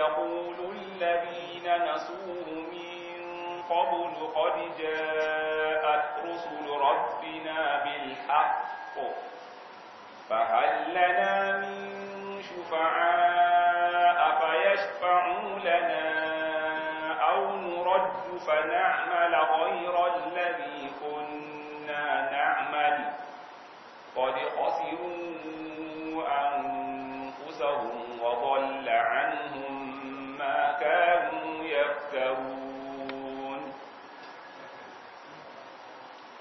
يقول الذين نسوه من قبل قد جاءت رسل ربنا بالحق فهل لنا من شفعاء فيشفعوا لنا أو نرد فنعمل غير الذي كنا نعمل قد خسرون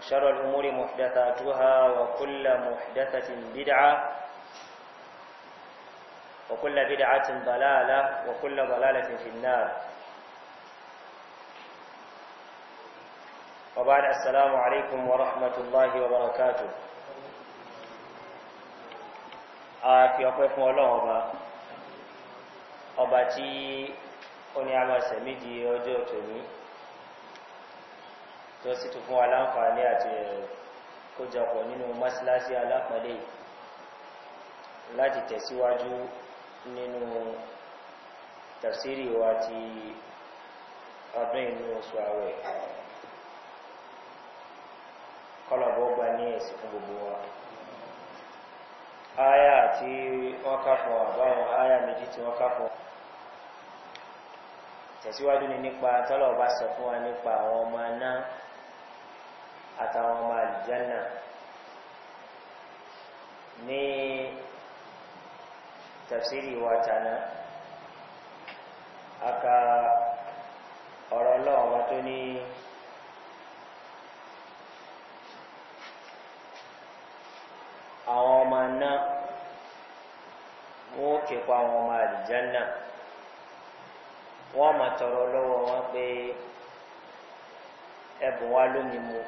وشر الأمور محدثاتها وكل محدثة بدعة وكل بدعة ضلالة وكل ضلالة في النار وبعد السلام عليكم ورحمة الله وبركاته في أقوى الله وبا أبا تي أني سميدي وجوتني tó sì tún fún wa láǹfààní àti eh, kójọpọ̀ nínú mọ́síláṣí alápọ̀lẹ́ láti tẹ̀síwájú nínú tafsiri wa ti ọdún inú oṣù àwẹ̀ kọlọ̀bọ̀ gba ní ẹ̀sìn fún gbogbo wa aya tí wọ́n ká àbáwọn aya méjì tí wọ́n ká fún tẹ̀síwájú ni nípa tọ́lọ̀ bá sọ fún wa nípa àwọn ọmọ náà àtàwọn ọmọ àlìjánà ní tafsiri wa tana aka ọ̀rọ̀ ọlọ́wọ́ tó ní àwọn ọmọ náà wọ́n képa àwọn ọmọ àlìjánà wọ́n mọ̀ tọrọ lọ́wọ́ wọn pé ẹ̀bùn wa lómi mu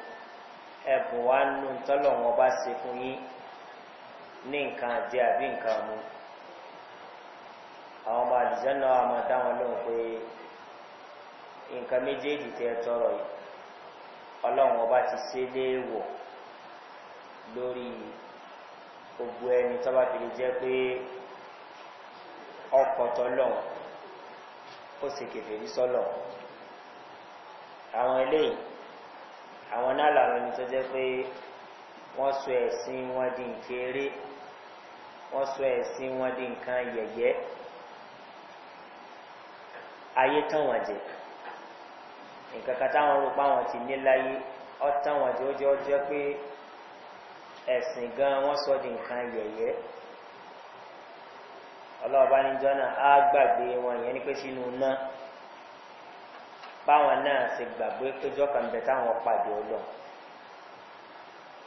ẹ̀bùn wa nù tọ́lọ̀ wọn bá ṣe fún yín ní nǹkan àjẹ àbí nǹkan mu àwọn ọmọ àlùjẹ́ náà wà máa dá wọn lóhùn pé nǹkan méjèèjì tẹ tọrọ yìí ọlọ́run ọba ti ṣe léèwọ̀ lórí gbogbo ẹni tó fi lè jẹ́ pé ọkọ̀ tọ́lọ́run ó sì kẹfẹ́ sọ́lọ̀ àwọn eléyìí. àwọn náà làwọn ẹni tó jẹ́ pé wọ́n sọ ẹ̀sìn wọn di nkéré wọ́n sọ ẹ̀sìn wọn di nǹkan yẹ̀yẹ́ ayé tán wọn jẹ nǹkan kan táwọn rò pa wọn ti ní láyé ọtán wọn jẹ ó jẹ ó jẹ pé ẹ̀sìn gan wọ́n sọ di nǹkan yẹ̀yẹ́ ọlọ́ọ̀bá níjọ́ náà á gbàgbé wọn yẹn ní pé sínú náà. báwọn náà ṣe gbàgbé péjọ kan bẹ táwọn pàdé ọlọ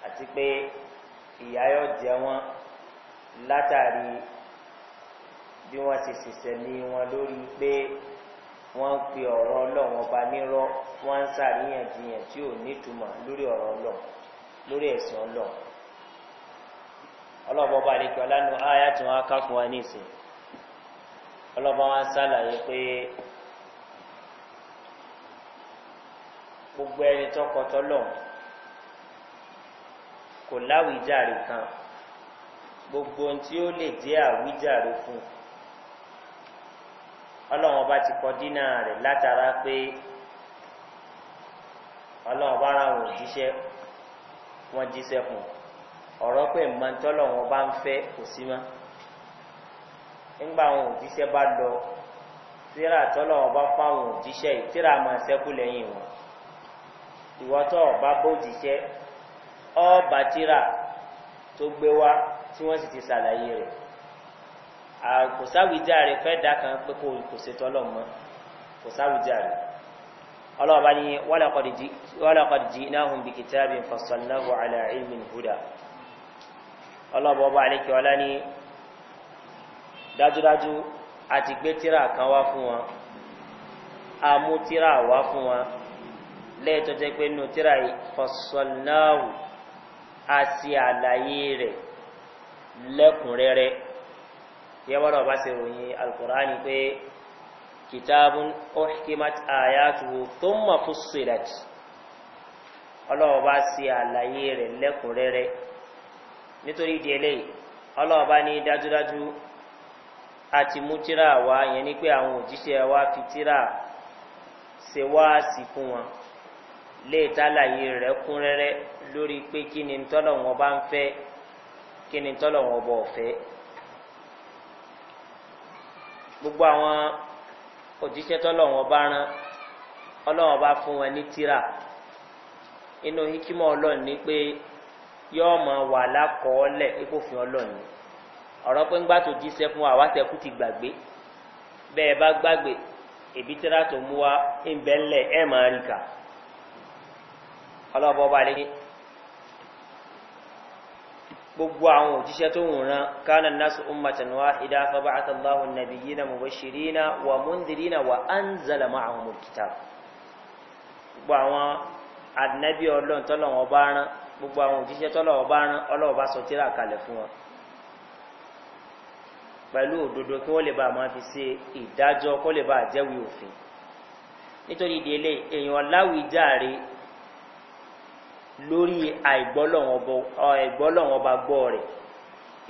àti pé ìyá yọ jẹ wọn látàrí bí wọn ṣe ṣiṣẹ ní wọn lórí pé wọn ń pe ọrọ ọlọrun ọba nírọ wọn ń ṣàríyànjiyàn tí ò nítumọ lórí ọrọ ọlọ. lórí ẹsìn ọlọ. ọlọ́bọ̀ ọba ní kí ọlánú ayá tí wọ́n ká fún wa ní ìsìn ọlọ́bọ̀ wọn ṣàlàyé pé gbogbo ẹni tọkọtọ lọ́wọ́ kò láwìjàre kan gbogbo ohun tí ó lè jẹ́ àwíjàre fún un ọlọ́run ọba ti kọ dínà rẹ̀ látara pé ọlọ́run ọba ara wọn jíṣẹ́ wọn jíṣẹ́ fún ọ̀rọ̀ pé mọ̀ntọ́lọ́run ọba ń fẹ́ kò sí mọ́ nígbà àwọn òjíṣẹ́ bá lọ tíra tọ́lọ́run ọba fáwọn òjíṣẹ́ yìí tíra máa ṣẹ́kù lẹ́yìn wọn ìwọ́tọ̀ ọba bójìṣẹ́ ọba tíra tó gbé wá tí wọ́n sì ti ṣàlàyé rẹ̀ kò sáwìjáre fẹ́ dá kan pé kò ṣètò ọlọ́mọ kò sáwìjáre ọlọ́ọ̀bá ni wọ́lọ́kọ̀dìjì náhùn bí kìtàbí fọ̀sọ̀lọ́wọ́ aláìmìn húdà ọlọ́ọ̀bọ̀bọ̀ alékè ọlá ní dájúdájú àti gbé tíra kan wá fún wọn àmú tíra wá fún wọn lẹ́ẹ̀tọ́ jẹ́ pé nínú tíra ìfọ̀sọ̀láwù a sì àlàyé rẹ̀ lẹ́kùnrẹ́rẹ́ yẹ́wọ́n ọba sì ròyìn alkùnrání pé kìtàbùn ohkimat ayatuhu tó mọ̀ fún silat ọlọ́ọ̀bá sì àlàyé rẹ̀ lẹ́kùnrẹ́rẹ́ nítorí ìdí eléyìí ọlọ́ọ̀bá ní dájúdájú àti mú tíra wa yẹn ni pé àwọn òjíṣẹ́ wa fi tíra ṣe wá sí fún wọn. lè tàlàyé rẹ̀ kúnrẹ́rẹ́ lórí pé kí ni tọ́lọ̀ wọn bá ń fẹ́ kí ni tọ́lọ̀ wọn gbogbo àwọn òjíṣẹ́ tọ́lọ̀ wọn bá rán ọlọ́wọ́n bá fún wọn ní tíra inú ọlọ́run ni pé yọ́ ọmọ wà lákọọ́lẹ̀ ọlọ́run ọ̀rọ̀ pé ńgbà tó jíṣẹ́ fún wa wá tẹ̀kú ti gbàgbé bẹ́ẹ̀ bá gbàgbé èbí tíra ọlọ́ọ̀bọ̀ ọba lẹ́yìn gbogbo àwọn òjíṣẹ́ tó wùn rán kánà nasu ummatan wa ìdá fọba àtàláhù nàbí yìí na mubashiri na wa mundiri na wa an zala ma àwọn mọ̀kítà gbogbo àwọn adnabi ọlọ́n tọ́lọ̀wọ̀ bá rán gbogbo àwọn òjíṣẹ́ tọ́lọ̀wọ̀ bá rán ọlọ́wọ̀ bá sọ tíra kalẹ̀ fún wọn pẹ̀lú òdodo kí wọ́n lè bá máa fi ṣe ìdájọ́ kó lè bá jẹ́wìí òfin nítorí ìdílé èèyàn láwìí lórí àìgbọ́lọ́wọ́n ọba gbọ́ rẹ̀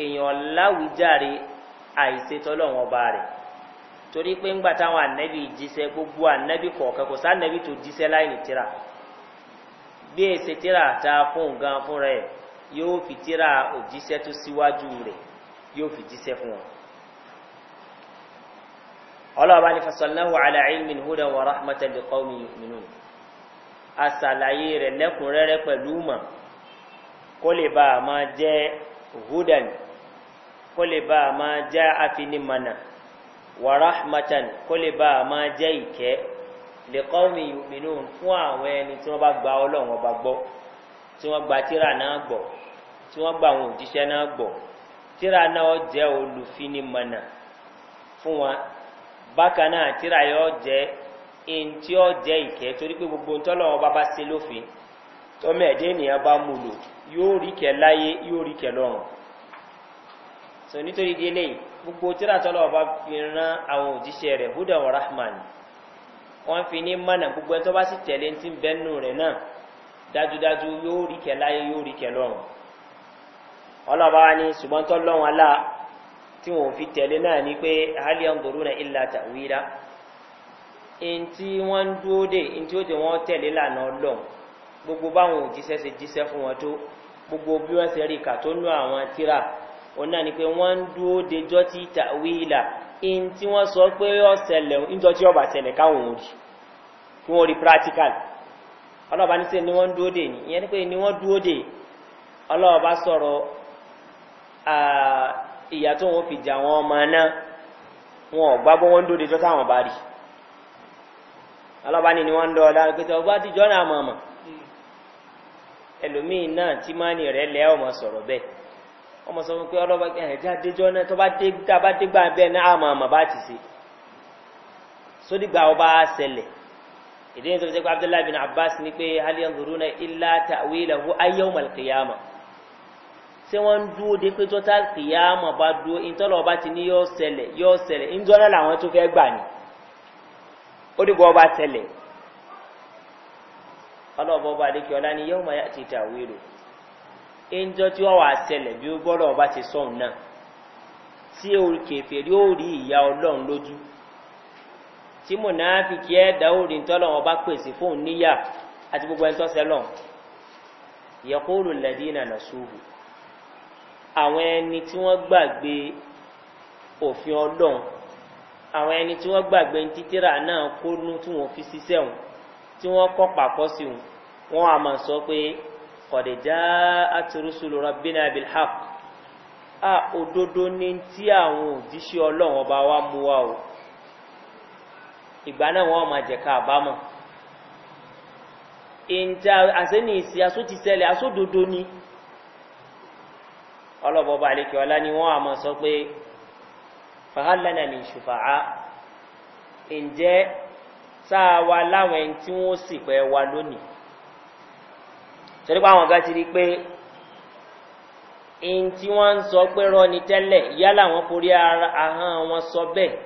èèyàn láwùjáre àìsètọ́lọ́wọ́n ọba rẹ̀ torí pé ńgbà táwọn ànẹ́bí jíṣẹ́ gbogbo ànẹ́bí kọ̀ọ̀kan kò sánẹ́bí tó jíṣẹ́ láìní tíra bí èsè tíra ta fún nǹkan fún rẹ̀ yóò fi tíra òjíṣẹ́ tó síwájú rẹ̀ yóò fi jíṣẹ́ fún wọn. ọlọ́ọ̀bá ní fasọ̀lẹ́wọ̀ aláìmìn húdà wà àṣàlàyé rẹ̀ lẹ́kùnrẹ́rẹ́ pẹ̀lú mọ̀ kó lè bá a máa jẹ́ hudan kó lè bá a máa jẹ́ afinimọ̀nà wà rahmatan kó lè bá a máa jẹ́ ìkẹ́ lè kọ́mi ìmìnú fún àwọn ẹni tí wọ́n bá gba ọlọ́run ọba gbọ́ tí wọ́n gba tíra náà gbọ́ tí wọ́n gba àwọn òjíṣẹ́ náà gbọ́ tíra náà jẹ́ olùfinimọ̀nà fún wọn bákan náà tíra yóò jẹ́ ntí ọ jẹ́ ìkẹ́ torí pé gbogbo ntọ́lọ̀ ọba bá se lófin tọ́mọ ẹ̀dẹ́ ènìyàn bá mú lò yóò rí kẹ láyé yóò rí kẹ lọ́rùn so nítorí délé fi ran àwọn òjíṣẹ́ rẹ̀ buddha wa rahman wọ́n fi ní mánà gbogbo ẹ̀ tó bá sì tẹ̀lé ti bẹ́nu rẹ̀ náà dájúdájú yóò rí kẹ láyé yóò rí kẹ lọ́rùn ọlọ́ba wa ní hali náà ìlà ntí wọ́n ń dúró dé ntí ó jẹ́ wọ́n tẹ̀lé lànà ọlọ́run gbogbo báwọn òjíṣẹ́ ṣe jíṣẹ́ fún wọn tó gbogbo bí wọ́n ṣe rí ìkà tó nú àwọn tíra òun náà ni pé wọ́n ń dúró dejọ́ tí tàwí ìlà ntí wọ́n sọ pé ọ̀sẹ̀lẹ̀ ńjọ́ ọba ṣẹlẹ̀ káwọn ò rí kí wọ́n rí practical ọlọ́ọ̀bá ní sẹ́ ni wọ́n ń dúró dé ni ìyẹn ni pé ni wọ́n dúró dé ọlọ́ọ̀bá sọ̀rọ̀ ìyà tó wọn fi jà wọn ọmọ náà wọn ò gbá bọ́ wọn ń dúró dejọ́ táwọn bá rí i alábàání ni wọ́n ń dọ́ọ̀lá pété ọgbà àtijọ́ náà mọ̀ mọ̀ hmm. ẹlòmíín náà tí máa ní rẹ̀ lẹ́ ọmọ sọ̀rọ̀ bẹ́ẹ̀ ọmọ sọ fún pé ọlọ́ba ẹ̀já déjọ́ náà tó bá dé tá bá dé gbà bẹ́ẹ̀ náà àmọ̀ àmọ̀ bá ti ṣe sódìgbà ọba ṣẹlẹ̀ ìdí ní tó fi jẹ́ pé abdullahi bin abbas ní pé aliyan guru náà ilá tàwé ìlàwó ayé ọmọ kìyàmà ṣé wọ́n ń dúró de pé tó tá bá dúró ìtọ́lọ̀ ọba ti ní yọ́ ṣẹlẹ̀ yọ́ ṣẹlẹ̀ ìjọ náà làwọn tó fẹ́ gbà ni ó dìbò ọba tẹ̀lẹ̀ ọlọ́ọ̀bọ ọba adékẹ́ọ́lá ni yóò máa ti ta wíìlù ẹnjọ́ tí wọ́n wà tẹ̀lẹ̀ bí ó gbọ́dọ̀ ọba ti sọ̀hún náà tí kèfè rí ó rí ìyá ọlọ́run lójú tí mùnàfíkì ẹ̀dá ó rí ntọ́lọ́run ọba pèsè fóun níyà àti gbogbo ẹni tó sẹ́lọ̀ yẹkóòlù lẹ́dínà nà ṣubú àwọn ẹni tí wọ́n gbàgbé òfin ọlọ́run àwọn ẹni tí wọ́n gbàgbé ní títíra náà kó nú tí wọ́n fi ṣiṣẹ́ wọn tí wọ́n kọ́ pàpọ̀ sí wọn wọ́n á máa sọ pé kọ̀dẹ̀já àtúrúsùlù rabbina bilhaq a òdodo ní tí àwọn òjíṣẹ́ ọlọ́run ọba wa mú wa o ìgbà náà wọ́n máa jẹ̀ka àbámọ̀ ìntà àsẹ́ni ìsì asótisẹ́lẹ̀ asódodo ni ọlọ́bọba àlekè ọlá ni wọ́n á máa sọ pé fàhálànà ní ṣùfàá ǹjẹ́ sáà wa láwọn ẹni tí wọ́n sì pẹ́ wa lónìí torí pé àwọn ọ̀gá ti rí pé ẹni tí wọ́n ń sọ pé rọ́ni tẹ́lẹ̀ yálà wọ́n forí ahọ́n wọn sọ bẹ́ẹ̀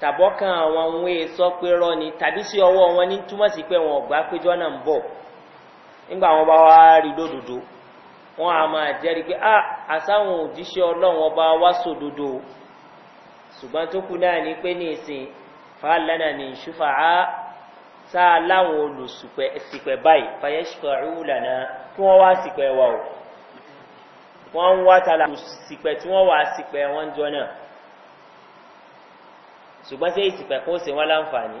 tàbọ́kàn àwọn ohun èè sọ pé rọ́ni tàbí sí ọwọ́ wọn ní túmọ̀ sí pé wọn ọ̀gbá péjọ́ náà ń bọ̀ nígbà wọn bá wá rí lódodo wọn a máa jẹ́rìí pé ah, àsáwọn òjíṣẹ́ ọlọ́run ọba wá sòdodo o ṣùgbọ́n tó kú náà ní pé ní ìsìn fàálànà mi ṣúfà á tá a láwọn olùsìpẹ̀ báyìí fàyẹ́ ṣùpẹ̀ rúlànà kí wọ́n wá sìpẹ̀ wà o wọ́n ń wá tala olùsìpẹ̀ tí wọ́n wá sìpẹ̀ wọ́n jọ náà ṣùgbọ́n sí ìsìpẹ̀ kó sì wọ́n láǹfààní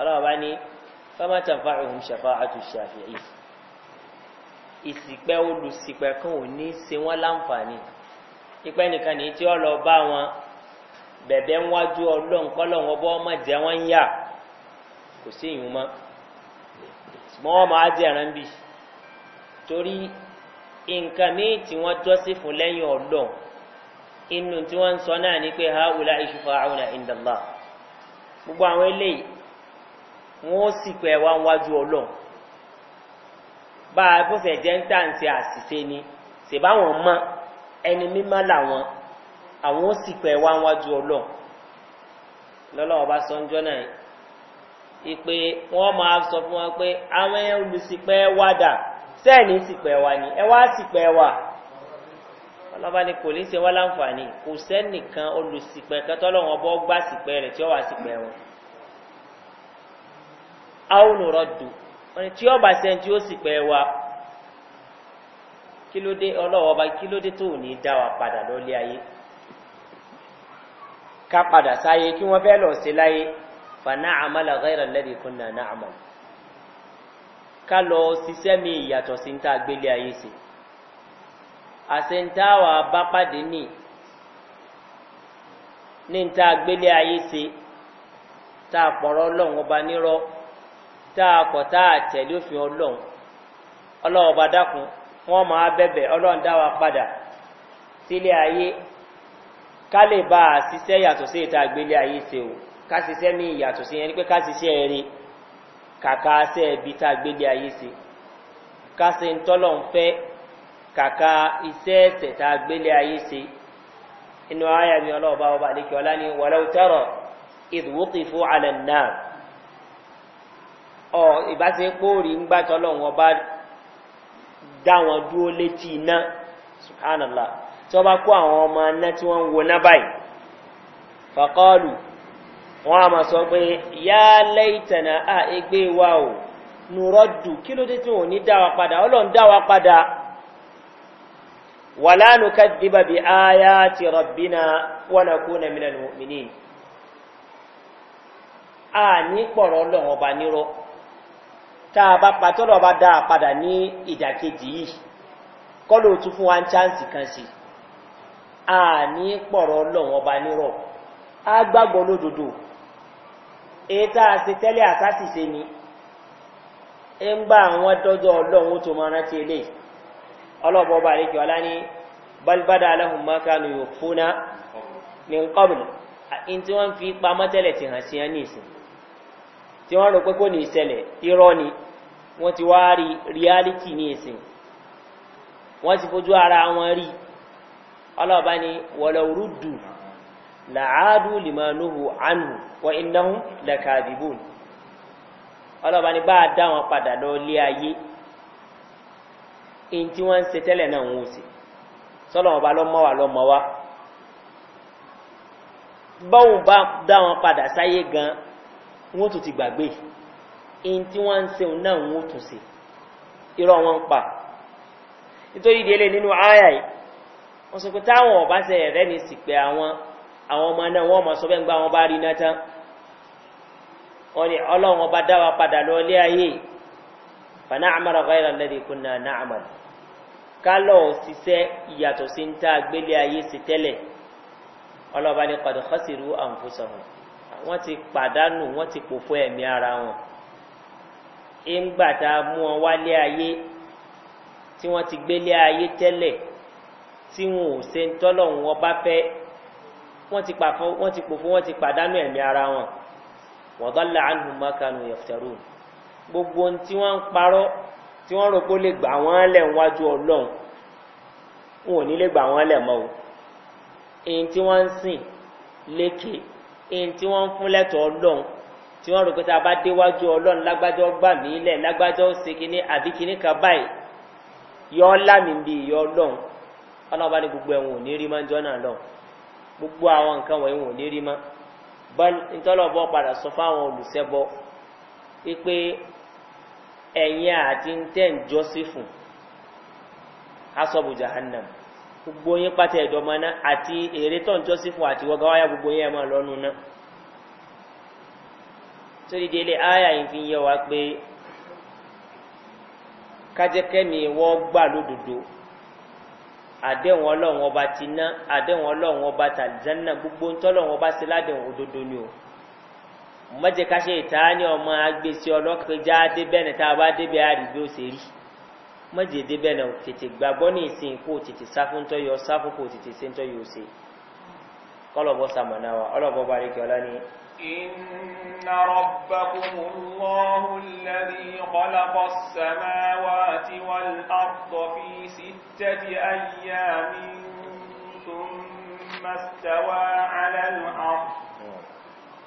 ọlọ́wọ́ bá ní fámátàǹfà òhun ṣàfà àtúnṣe àfihàn ìsìpẹ́ olùsìpẹ̀ kan ò ní ṣe wọ́n láǹfààní ìpẹ́ nìkan ní tí ó lọ bá wọn bẹ̀bẹ̀ ń wájú ọlọ́run kọ́lọ́run ọbọ̀ ọmọ jẹ́ wọ́n ń yà kò sí ìyún mọ́ ṣùgbọ́n wọ́n máa jẹ́ torí nǹkan míì tí wọ́n jọ́sí fún lẹ́yìn ọlọ́run inú tí wọ́n sọ náà ni pé haula ìṣùfà àwọn gbogbo àwọn eléyìí wọ́n ó sì pẹ́ wá wájú ọlọ́run bá a bó fẹ́ jẹ́ ń ni ṣèbáwọn mọ ẹni mímọ́ làwọn. àwọn ó sì pẹ́ wá wájú ọlọ́ lọ́lọ́wọ́ bá sọ ń jọ́ náà ìpè wọ́n máa sọ fún wọn pé àwọn olùsìpẹ́ wá dà sẹ́ẹ̀ni sìpẹ́ wá ni ẹ wá sìpẹ́ wá ọlọ́ba ni kò ní ṣe wá láǹfààní kò sẹ́nìkan olùsìpẹ́ kẹtọ́lọ́wọ́n bọ́ gbà sìpẹ́ rẹ̀ tí ó wà sìpẹ́ wọn. àwọn olùrọ̀dù wọn ni tí ọba sẹ́ni tí ó sìpẹ́ wá kí ló dé ọlọ́wọ́ ọba kí ló dé tó ní dá wa padà lọ́lé ayé. ka padà sáyé kí wọ́n fẹ́ lọ sí láyé na'a àmàlà gẹ́rẹ̀ lẹ́bi kúnnà náà àmà ká lọ mi ìyàtọ̀ sí ń tá gbélé ayé sí àṣẹ̀ntáwà bá pàdé ní ní ń tá gbélé ayé sí tá pọ̀rọ̀ ọlọ́run ọba nírọ́ tá a kọ̀ tẹ̀lé òfin ọlọ́run ọlọ́run ọba dákun wọ́n máa bẹ̀bẹ̀ ọlọ́run dáwà padà sílé ayé ká lè bá a ṣiṣẹ́ yàtọ̀ sí ìta àgbélé ayé ṣe o ká ṣiṣẹ́ ní ìyàtọ̀ sí yẹn ni pé ká ṣiṣẹ́ rí kàkà ṣe ẹbí tá àgbélé ayé ṣe ká ṣe ń tọ́lọ̀ ń fẹ́ kàkà iṣẹ́ ẹ̀sẹ̀ tá àgbélé ayé ṣe inú ayà mi ọlọ́ọ̀bá ọba àdékè ọlá ni wàlẹ́ òtẹ́rọ̀ ìdúwókì fún alẹ́ náà ọ ìbáṣe kóòrì ń gbàtọ́lọ̀ wọn bá dá wọn dúró létí iná subhanallah tí wọ́n bá kó àwọn ọmọ aná tí wọ́n ń wo ná báyìí fàkọ́ọ̀lù wọ́n a máa sọ pé yá lẹ́ìtẹ̀nà à égbé wa ò nùrọ̀dù kí ló dé tí wọ́n ní dáwà padà ọlọ́run dáwà padà wà lánàá ká dìbà bí aya ti rọ̀bìnà wọ́n kó na mílẹ̀ nìmí a ní pọ̀rọ̀ ọlọ́run ọba nírọ̀ tá a bá patọ́lọ́ bá dáa padà ní ìdàkejì yìí kọ́lù tún fún wa ń chánsì kan sí i a ní pọ̀rọ̀ ọlọ́run ọba nírọ̀ a gbàgbọ́ lódodo èyí tá a ṣe tẹ́lẹ̀ àtàṣìṣe ni ń bá àwọn dọ́jọ́ ọlọ́run tó máa rántí ilé ọlọ́bọ̀ ọba àlejò alá ní balbada aláhùn mákànù yóò fúnná ní nkọ́bùn in tí wọ́n fi pamọ́ tẹ́lẹ̀ ti hàn sí ẹ́ ní ìsìn tí wọ́n rò pé kò ní ìṣẹ̀lẹ̀ irọ́ ni wọ́n ti wá rí reality ní ìsìn wọ́n ti fojú ara wọn rí ọlọ́ọ̀bá ni wọ̀lọ̀rúdù làádù lìmọ̀nùhù ánù wọ ináhù lẹ́kàdìbò ọlọ́ọ̀bá ni bá a dá wọn padà lọ lé ayé in tí wọ́n ń se tẹ́lẹ̀ náà wọ́n sì sọ́lọ́wọ́n bá lọ́mọ́ wa lọ́mọ́ wa báwọn bá dá wọn padà sáyé gan wọ́n tún ti gbàgbé in tí wọ́n ń se náà wọ́n tún se irọ́ wọn pa nítorí ìdílé nínú ááyà wọ́n sọ pé táwọn ọ̀bá ṣe ẹ̀rẹ́ ní sì pé àwọn àwọn ọmọ náà wọ́n mọ̀ sọ bẹ́ẹ̀ ń gbá wọn bá rí náà tán wọ́n ní ọlọ́run ọba dá wa padà lọ ilé ayé fana amara ọ̀gáyìrà lẹ́dí kún náà náà àmà kálọ̀ ṣiṣẹ́ ìyàtọ̀ sí ń tá gbélé ayé sí tẹ́lẹ̀ ọlọ́ba ní kọ̀dọ̀ kọ́sìrú àǹfọ̀sọ̀hún wọ́n ti pàdánù wọ́n ti pòfó ẹ̀mí ara wọn ìgbà tá a mú wọn wálé ayé tí wọ́n ti gbélé ayé tẹ́lẹ̀ tí wọn ò se ń tọ́lọ̀ wọn bá fẹ́ wọ́n ti pòfó wọ́n ti pàdánù ẹ̀mí ara wọn wọ́n bá láàánú mákànù ẹ̀fẹ̀rù gbogbo ohun tí wọ́n ń parọ́ tí wọ́n rò pé ó lè gbà wọ́n lẹ̀ wájú ọlọ́run wọn ò ní lè gbà wọ́n lẹ̀ mọ́ o èyí tí wọ́n ń sìn lékè èyí tí wọ́n ń fún lẹ́tọ̀ ọlọ́run tí wọ́n rò pé tá a bá déwájú ọlọ́run lágbájọ́ gbà mí lẹ̀ lágbájọ́ ṣe kinní àbí kinní kan báyìí yọ ọ́ lámì yọ ọlọ́run ọlọ́ọ̀bá ní gbogbo ẹ̀wọ̀n ò ní rí máa ń lọ gbogbo àwọn nǹkan wọ̀nyí wọn ò rí máa padà sọ fáwọn olùsẹ́bọ wípé ẹ̀yin àti tẹ́ ń jọ́sìn fún jahannam gbogbo yín pátá ẹ̀dọ́mọ náà àti èrè tó ń jọ́sìn fún gbogbo yín ẹ̀ máa lọ́nu délé yìí fi yẹ wá pé àdéhùn ọlọ́run ọba ti ná àdéhùn ọlọ́run ọba tàlìjánná gbogbo ntọ́lọ́run ọba sí ládéhùn òdodo ni o mọ̀jẹ̀ ká ṣe ìtaání ọmọ agbèsè ọlọ́kẹjá débẹ̀nẹ̀ tá a bá débẹ̀ àrí bí ó ṣe rí mọ̀jẹ̀ débẹ̀nẹ̀ tètè gbàgbọ́ ní ìsìn kó tètè sáfún tó yọ sáfún kó tètè sé tó yọ ṣe kọ́lọ̀bọ sàmọ̀nà wa ọlọ́bọ bá rí kí ọlá ní إن ربكم الله الذي خلق السماوات والأرض في ستة أيام ثم استوى على العرض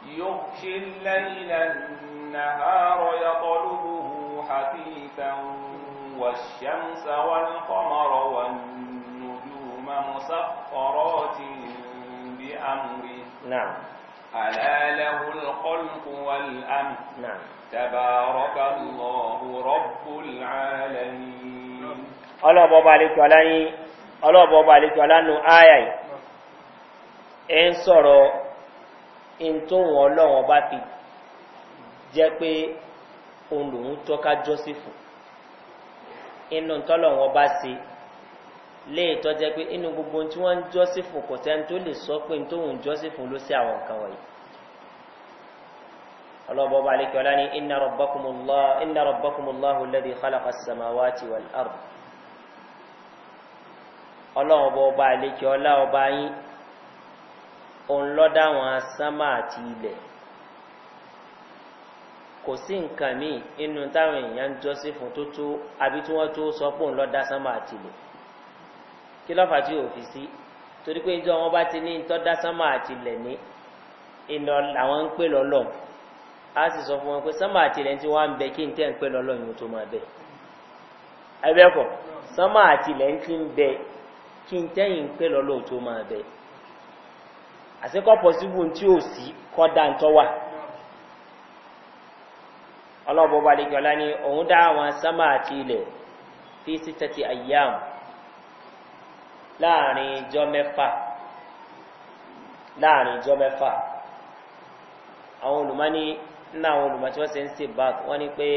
يغشي الليل النهار يطلبه حثيثا والشمس والقمر والنجوم مسخرات بأمره نعم ألا له الخلق والأمر نعم تبارك الله رب العالمين ọlọ́ọ̀bọ̀ ọba àlejò aláyín ọlọ́ọ̀bọ̀ ọba àlejò alánú ayáì ẹ ń sọ̀rọ̀ ìntòhùn ọlọ́run ọba lòun tọ́ka jọ́sífù inú ọba léè tọ́jẹ́ pé inú gbogbo tí wọ́n ń jọ́sìn fún kò sẹ́ni tó lè sọ pé tóun jọ́sìn fún ló sí àwọn nǹkan wọ̀nyí. ọlọ́bọ̀ bá lè kíọ́lá ní iná rọ̀bọ́kùnmùláhùn lẹ́dí kálàkà sàmáwá ti wà lárù. ọlọ́bọ̀ bá lè kíọ́lá ọba yín òun wọn sánmà àti ilẹ̀. kò sí nǹkan míì inú táwọn èèyàn ń jọ́sìn fún tó tó àbí tí wọ́n tó sọ pé òun sánmà àti ilẹ̀. kí lọ́fà tí ò fi sí torí pé ìjọ wọn bá ti ní tọ́ dá àti ilẹ̀ ní làwọn ń pè lọ́lọ́ a sì sọ fún wọn pé sánmà àti ilẹ̀ tí wọ́n ń bẹ kí n tẹ́ ń pè lọ́lọ́ yìí tó máa bẹ̀ ẹbẹ́kọ̀ sánmà àti ilẹ̀ ti ń bẹ kí n ń pè lọ́lọ́ tó máa bẹ̀ àsìkò tí ò sí kọ́ láàrin ìjọ mẹ́fà láàrin ìjọ mẹ́fà àwọn olùmọ́ni nínú àwọn olùmọ́ tí wọ́n ṣe ń ṣe bat wọ́n ní pé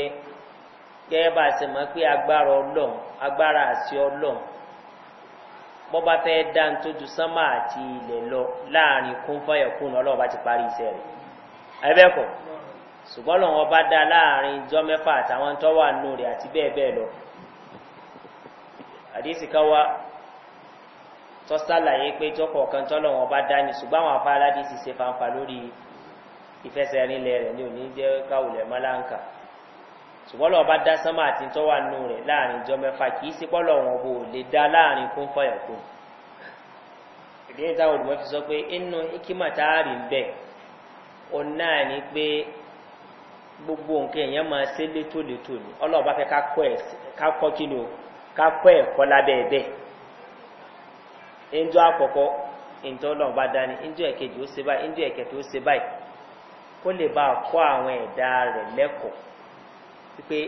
gẹ́gẹ́ bá a ṣe pé agbára agbára àṣẹ bọ́ bá fẹ́ dá ń tójú sánmà àti lọ láàrin kún ti parí iṣẹ́ rẹ̀ ẹ̀bẹ́kọ̀ ṣùgbọ́n lòun ọba dá láàrin ìjọ mẹ́fà àtàwọn tó wà nù rẹ̀ àti bẹ́ẹ̀ bẹ́ẹ̀ lọ tó sàlàyé pé jọ́kọ̀ kan tọ́lọ̀ wọn bá dání ṣùgbọ́n àwọn afárá dì sí ṣe fanfa lórí ìfẹsẹ̀rinlẹ̀ rẹ̀ ní òní jẹ́ káwùlẹ̀ mọ́láǹkà ṣùgbọ́n lọ́wọ́ bá dá sánmà àti tó wà nù rẹ̀ láàrin ìjọ mẹ́fà kì í sí pọ́lọ̀ wọn bò lè dá láàrin kún fọyọ̀ kún ìdí ìtawọ̀ olùmọ́ fi sọ pé inú ikima táàrí ń bẹ̀ òun náà ni pé gbogbo nǹkan èèyàn máa ṣe létòlétò ni ọlọ́ọ̀bá fẹ́ ká kọ́ ẹ̀kọ́ lábẹ́ ẹ̀ bẹ́ẹ̀ ndu àkọ́kọ́ njọ́ ọlọ́run bá ndu njọ́ ẹ̀kejì ó ndu báyìí njọ́ ẹ̀kẹtì kó lè àwọn ẹ̀dá rẹ̀ lẹ́kọ̀ọ́ pé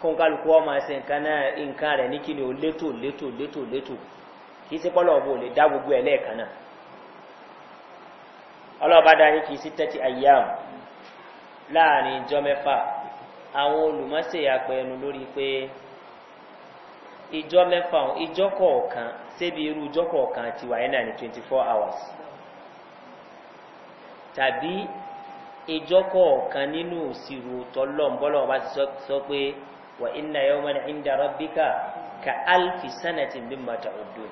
kọ́ńkálukú wọn máa nǹkan nǹkan rẹ̀ ní kí létò létò létò létò kì í lè dá gbogbo ẹ̀ lẹ́ẹ̀kan kì í sí tẹ́tí láàrin ìjọ mẹ́fà ọ̀hún ijọ kọọkan iru kọọkan ti ní twenty four hours tàbí ìjọ nínú òsìrò tọ́lọ́m bọ́lọ́m bá ti sọ pé wà ka alfi sanati bí mọ́ta odò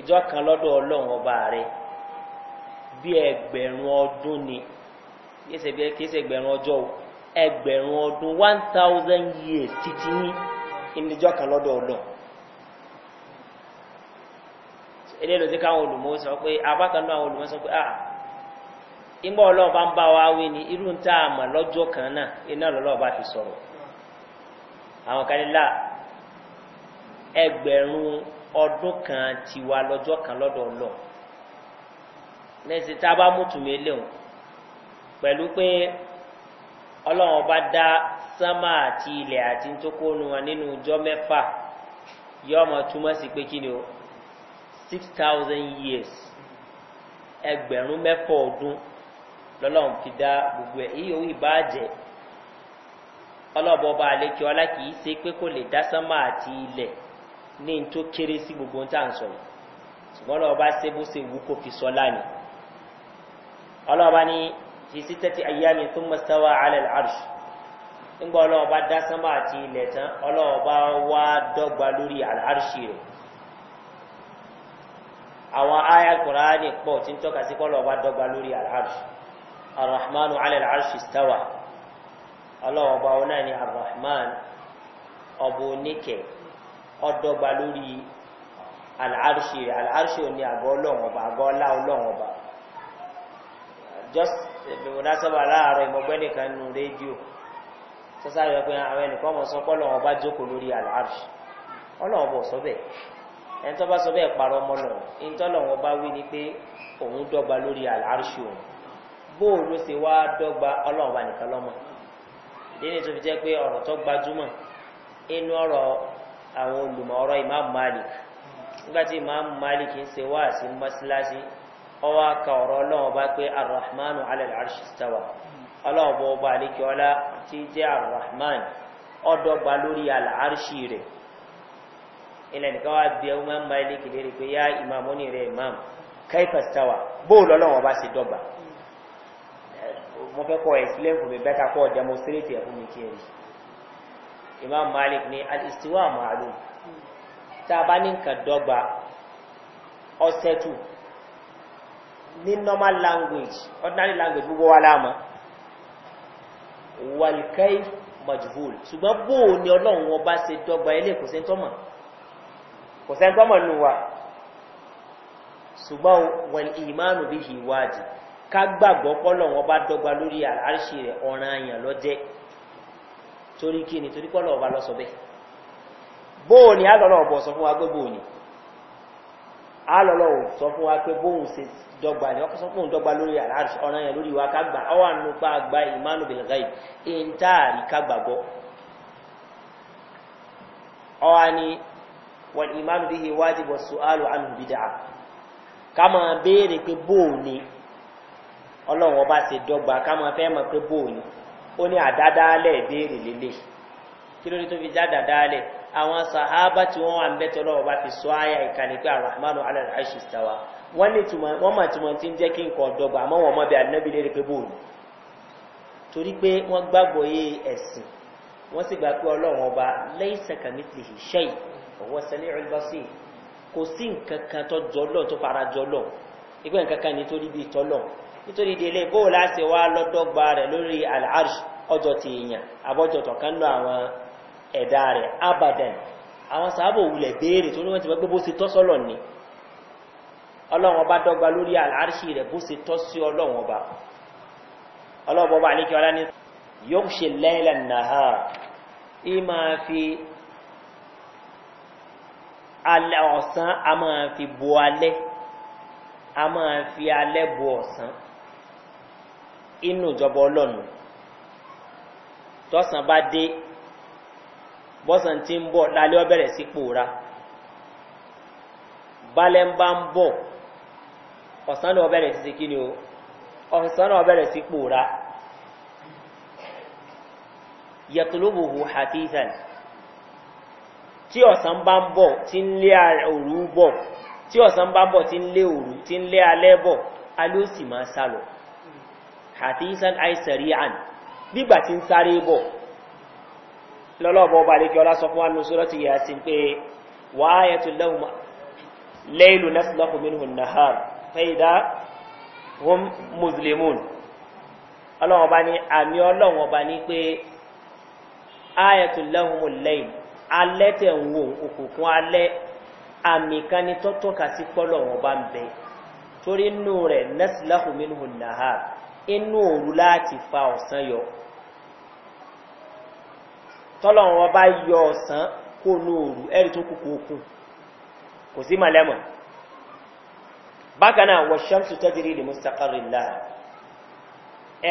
ìjọ kan lọ́dọ̀ ọlọ́run ọba bí ọdún ni ọdún ìníjọ́ kan lọ́dọ̀ ọlọ́ eléèlò tí káwọn olùmọ̀ sọ pé abákanú àwọn olùmọ̀ sọ pé ah ìgbà ọlọ́ọ̀ ń bá wa wí ni irú ń tá a mọ̀ lọ́jọ́ kan náà iná fi sọ̀rọ̀ àwọn kan egberun ẹgbẹ̀rún kan ti wa lọ́jọ́ kan lọ́dọ̀ ọlọ́ọ̀ lẹ́sìn tá a bá mútùmí pẹ̀lú pé dá sánmà àti ilẹ̀ àti tó kónu nínú ọjọ́ mẹ́fà yọ ọmọ túmọ̀ sí ni o six thousand years ẹgbẹ̀rún mẹ́fà ọdún lọ́lọ́run fi gbogbo ẹ̀ yíyọ ìbàjẹ́ ọlọ́bọba àlékè ọlá kì í ṣe pé kò lè dá sánmà àti ilẹ̀ ní n kéré sí gbogbo ohun tá à ń ṣe bó ńgbọ́ ọlọ́wọ́ bá dá sánmà àti ilẹ̀ tán ọlọ́wọ́ bá wá dọ́gba lórí àrṣì rẹ̀ àwọn aya kùránì pọ̀ tí ń tọ́ka sí kọ́lọ́wọ́ dọ́gba stawa ọlọ́wọ́ wọn náà ni arrahman ọba oníkẹ ọdọ́gba lórí àrṣì rẹ̀ àrṣì ò ní àgọ́ àgọ́ ọlá eh, láàárọ̀ ìmọ̀gbẹ́nìkan sọ́sáré wọ́n pé àwọn ẹnìkan mọ̀ sọ pọ́lọ̀ ọba jókòó lórí àlàáfì ọlọ́wọ́ bọ̀ sọ bẹ́ẹ̀ ẹni tó bá sọ bẹ́ẹ̀ parọ́ ọmọ náà ní tọ́lọ̀wọ́ bá wí ni pé òun dọ́gba lórí àlàáfì òun bóò ló ṣe wá dọ́gba ọlọ́wọ́ nìkan lọ́mọ lẹ́yìn tó fi jẹ́ pé ọ̀rọ̀ tó gbajúmọ̀ inú ọ̀rọ̀ àwọn olùmọ̀ ọ̀rọ̀ ìmáàmù malik nígbà tí ìmáàmù malik ń ṣe wá sí mọ́síláṣí ọwọ́ aka ọ̀rọ̀ ọlọ́wọ́ bá pé arahmanu alẹ́ àrṣìṣ ọlọ́wọ́ bọ́ ọba àlekè ọlá tí jẹ́ arahman ọdọgba lórí alárṣì rẹ̀ ilẹ̀ nìkan wá bí ẹwọ́n máa ń bá ilé kìlérí pé yá ìmàmú ní rẹ̀ imam kaifastawa bóò lọ́lọ́wọ́ bá ṣe dọ́gba mo fẹ́ kọ́ explain fún mi bẹ́ẹ̀ kọ́ demonstrate ẹ̀ fún mi kí ẹ imam malik ni alistiwa maalum tá a bá ní nǹkan dọ́gba ọ̀sẹ̀ ní normal language ordinary language gbogbo wa láàmú. Walikai majhul ṣùgbọ́n bó o ní ọlọ́run wọn bá ṣe dọ́gba ilé kò sẹ́ tọ́mọ̀ kò sẹ́ tọ́mọ̀ nù wa ṣùgbọ́n wọn ìmánu bí i wájì ká gbàgbọ́ pọ́lọ̀ wọn bá dọ́gba lórí àríṣì rẹ̀ ọ̀ràn àyàn lọ́jẹ́ torí kí ni torí pọ́lọ̀ ọba lọ́sọ bẹ́ẹ̀ bó ní alọ́lọ́ ò sọ fún wa pé bóun ṣe dọ́gba ni ọkọ̀ sọ fún òun dọ́gba lórí ọ̀ràn yẹn lórí wa kágbà ọwọ́ àánú pa àgbà ìmánu bìlẹ̀gáì ń táàrí kágbàgbọ́ ọwọ́ ni wọ́n ìmánu bí iwájú bọ̀ sọ àlọ́ àánú bìdà ká máa béèrè pé bóun ni ọlọ́run ọba ṣe dọ́gba ká máa fẹ́ mọ̀ pé bóun ni ó ní àdádálẹ̀ béèrè lélẹ̀ kí ló ní tó fi já àdádálẹ̀ àwọn sàhábà tí wọ́n wà ń bẹ́ tọ́lọ́wọ́ bá fi sọ àyà ìkàlẹ̀ pé arahmanu alàlàṣì sáwà wọ́n ní wọ́n mà tí wọ́n ti ń jẹ́ kí nǹkan ọ̀dọ́gba àmọ́ wọ́n mọ̀ anábì lérí pé bóòlù torí pé wọ́n gbàgbọ́ yé ẹ̀sìn wọ́n sì gbà pé ọlọ́run ọba lẹ́yìn sàkàmìtì ìṣẹ́yì ọwọ́ sẹ́lẹ̀ ìrìnbọ́sì kò sí nǹkan kan tó jọlọ tó fara jọlọ ìgbẹ́ nǹkan kan nítorí bíi tọ́lọ̀ nítorí délé bóòlù àti wá lọ́dọ́gba rẹ̀ lórí àlàárì ọjọ́ ti èèyàn àbọ̀jọ̀tọ̀ kan náà àwọn ẹ̀dá rẹ̀ abadan àwọn sàábò wulẹ̀ béèrè tó ní wọ́n ti wọ́n pé bó ṣe tọ́ sọ́lọ̀ ni ọlọ́run ọba dọ́gba lórí àlárṣì rẹ̀ bó ṣe tọ́ sí ọlọ́run ọba ọlọ́run ọba àníkí ọlá ní yóò ṣe lẹ́lẹ̀ nàá ì máa fi alẹ́ ọ̀sán a máa fi bo alẹ́ a máa fi alẹ́ bo ọ̀sán inú ìjọba ọlọ́run tọ́sán bá dé bọ́sàn ti ń bọ̀ lálẹ́ ọbẹ̀rẹ̀ sí pòórá balẹ̀ ń bá ń bọ̀ ọ̀sán náà ọbẹ̀rẹ̀ sí kí ni o ọ̀sán náà ọbẹ̀rẹ̀ sí pòórá yẹtùlóbòhù hàtíìsàn tí ọ̀sán bá ń bọ̀ tí ń lé òru bọ̀ tí ọ̀sán bá ń bọ̀ tí ń lé òru tí ń lé alẹ́ bọ̀ alẹ́ ó sì máa sálọ hàtíìsàn àìsàrí àn nígbà tí ń sáré bọ̀ lọ́lọ́bọ̀ ọba àdékẹ́ ọlá sọ fún wa nùsọ́rọ̀ ti yà sí pé wàá yẹ tó lẹ́hùn lẹ́yìnlú násìlọ́kùn mi hùn náà fẹ́ìdá wọn mùsùlùmùn ọlọ́run ọba ní àmì ọlọ́run ọba ní pé ayatollahu lẹ́yìn alẹ́ tẹ̀ torí inú rẹ̀ násìlọ́kùn náà inú òru láti fa ọ̀sán yọ tọ́lọ̀wọ̀n wọn bá yọ ọ̀sán kó ní òru ẹ̀rì tó kúkú okun kò sí malẹ́mọ̀ bákan náà wọ́n ṣẹ́mṣù tẹ́jìrì lè mustaqarri láà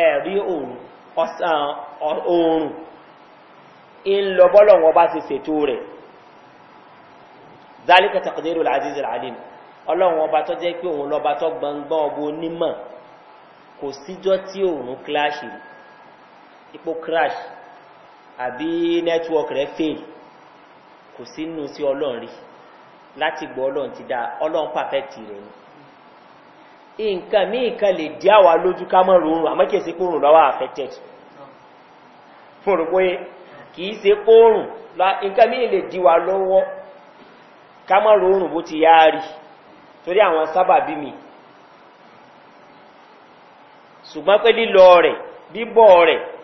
ẹ̀rí oòrùn ìlọ́bọ́lọ̀ wọn bá ti ṣètò rẹ̀ zálíkà tàkìdérò àbí network rẹ fail kò sínú sí ọlọ́run rí láti gbọ ọlọ́run ti dáa ọlọ́run pàfẹ́tì rẹ̀ ni nǹkan míì kan lè dí àwa lójú ká mọ̀ kìí ṣe affected fún rò pé kìí ṣe wa lọwọ ká ti yá rí torí àwọn sábàbí mi pé lílọ rẹ.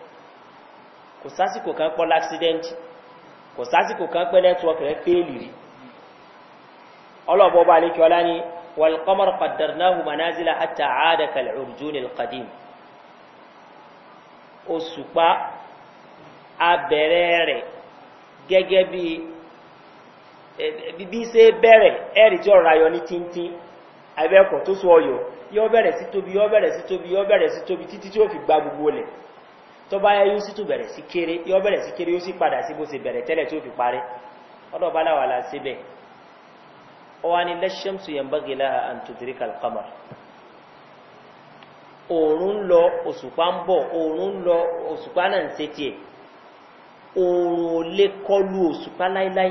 kò sásìkò kan pọ́ láksidẹ́ntì kò sásìkò kan pẹ́ nẹ́tíwọ́kì rẹ̀ fẹ́ẹ̀lì rí ọlọ́ọ̀bọ̀ bá lè kí ọlá ní والقمر قدرناه منازل حتى عاد كالعرجون القديم òṣùpá abẹ̀rẹ̀ rẹ̀ gẹ́gẹ́ bí bí ṣe bẹ̀rẹ̀ ẹ̀rì tí ọ̀rọ̀ ayọ̀ ní tíntín abẹ́ẹ̀kọ̀ tó sọ ọyọ̀ yọ bẹ̀rẹ̀ sí tóbi yọ bẹ̀rẹ̀ sí tóbi yọ bẹ̀rẹ̀ sí tóbi títí tí ó fi gba gbogbo lẹ̀ tó bá yẹ yóò sì tún bẹ̀rẹ̀ sí kéré yóò bẹ̀rẹ̀ sí kéré yóò sì padà sí bó ṣe bẹ̀rẹ̀ tẹ́lẹ̀ tó fi parí ọ̀dọ̀ bá láwà la ṣe bẹ́ẹ̀ ó wá ní lẹ́ṣẹ̀mùsù yẹn bá gẹ̀lá àǹtòdìrí kàlùkọ́mà òòrùn ń lọ òṣùpá ń bọ̀ òòrùn lọ òṣùpá náà ń ṣe tiẹ̀ òòrùn ò lè kọlu òṣùpá láíláí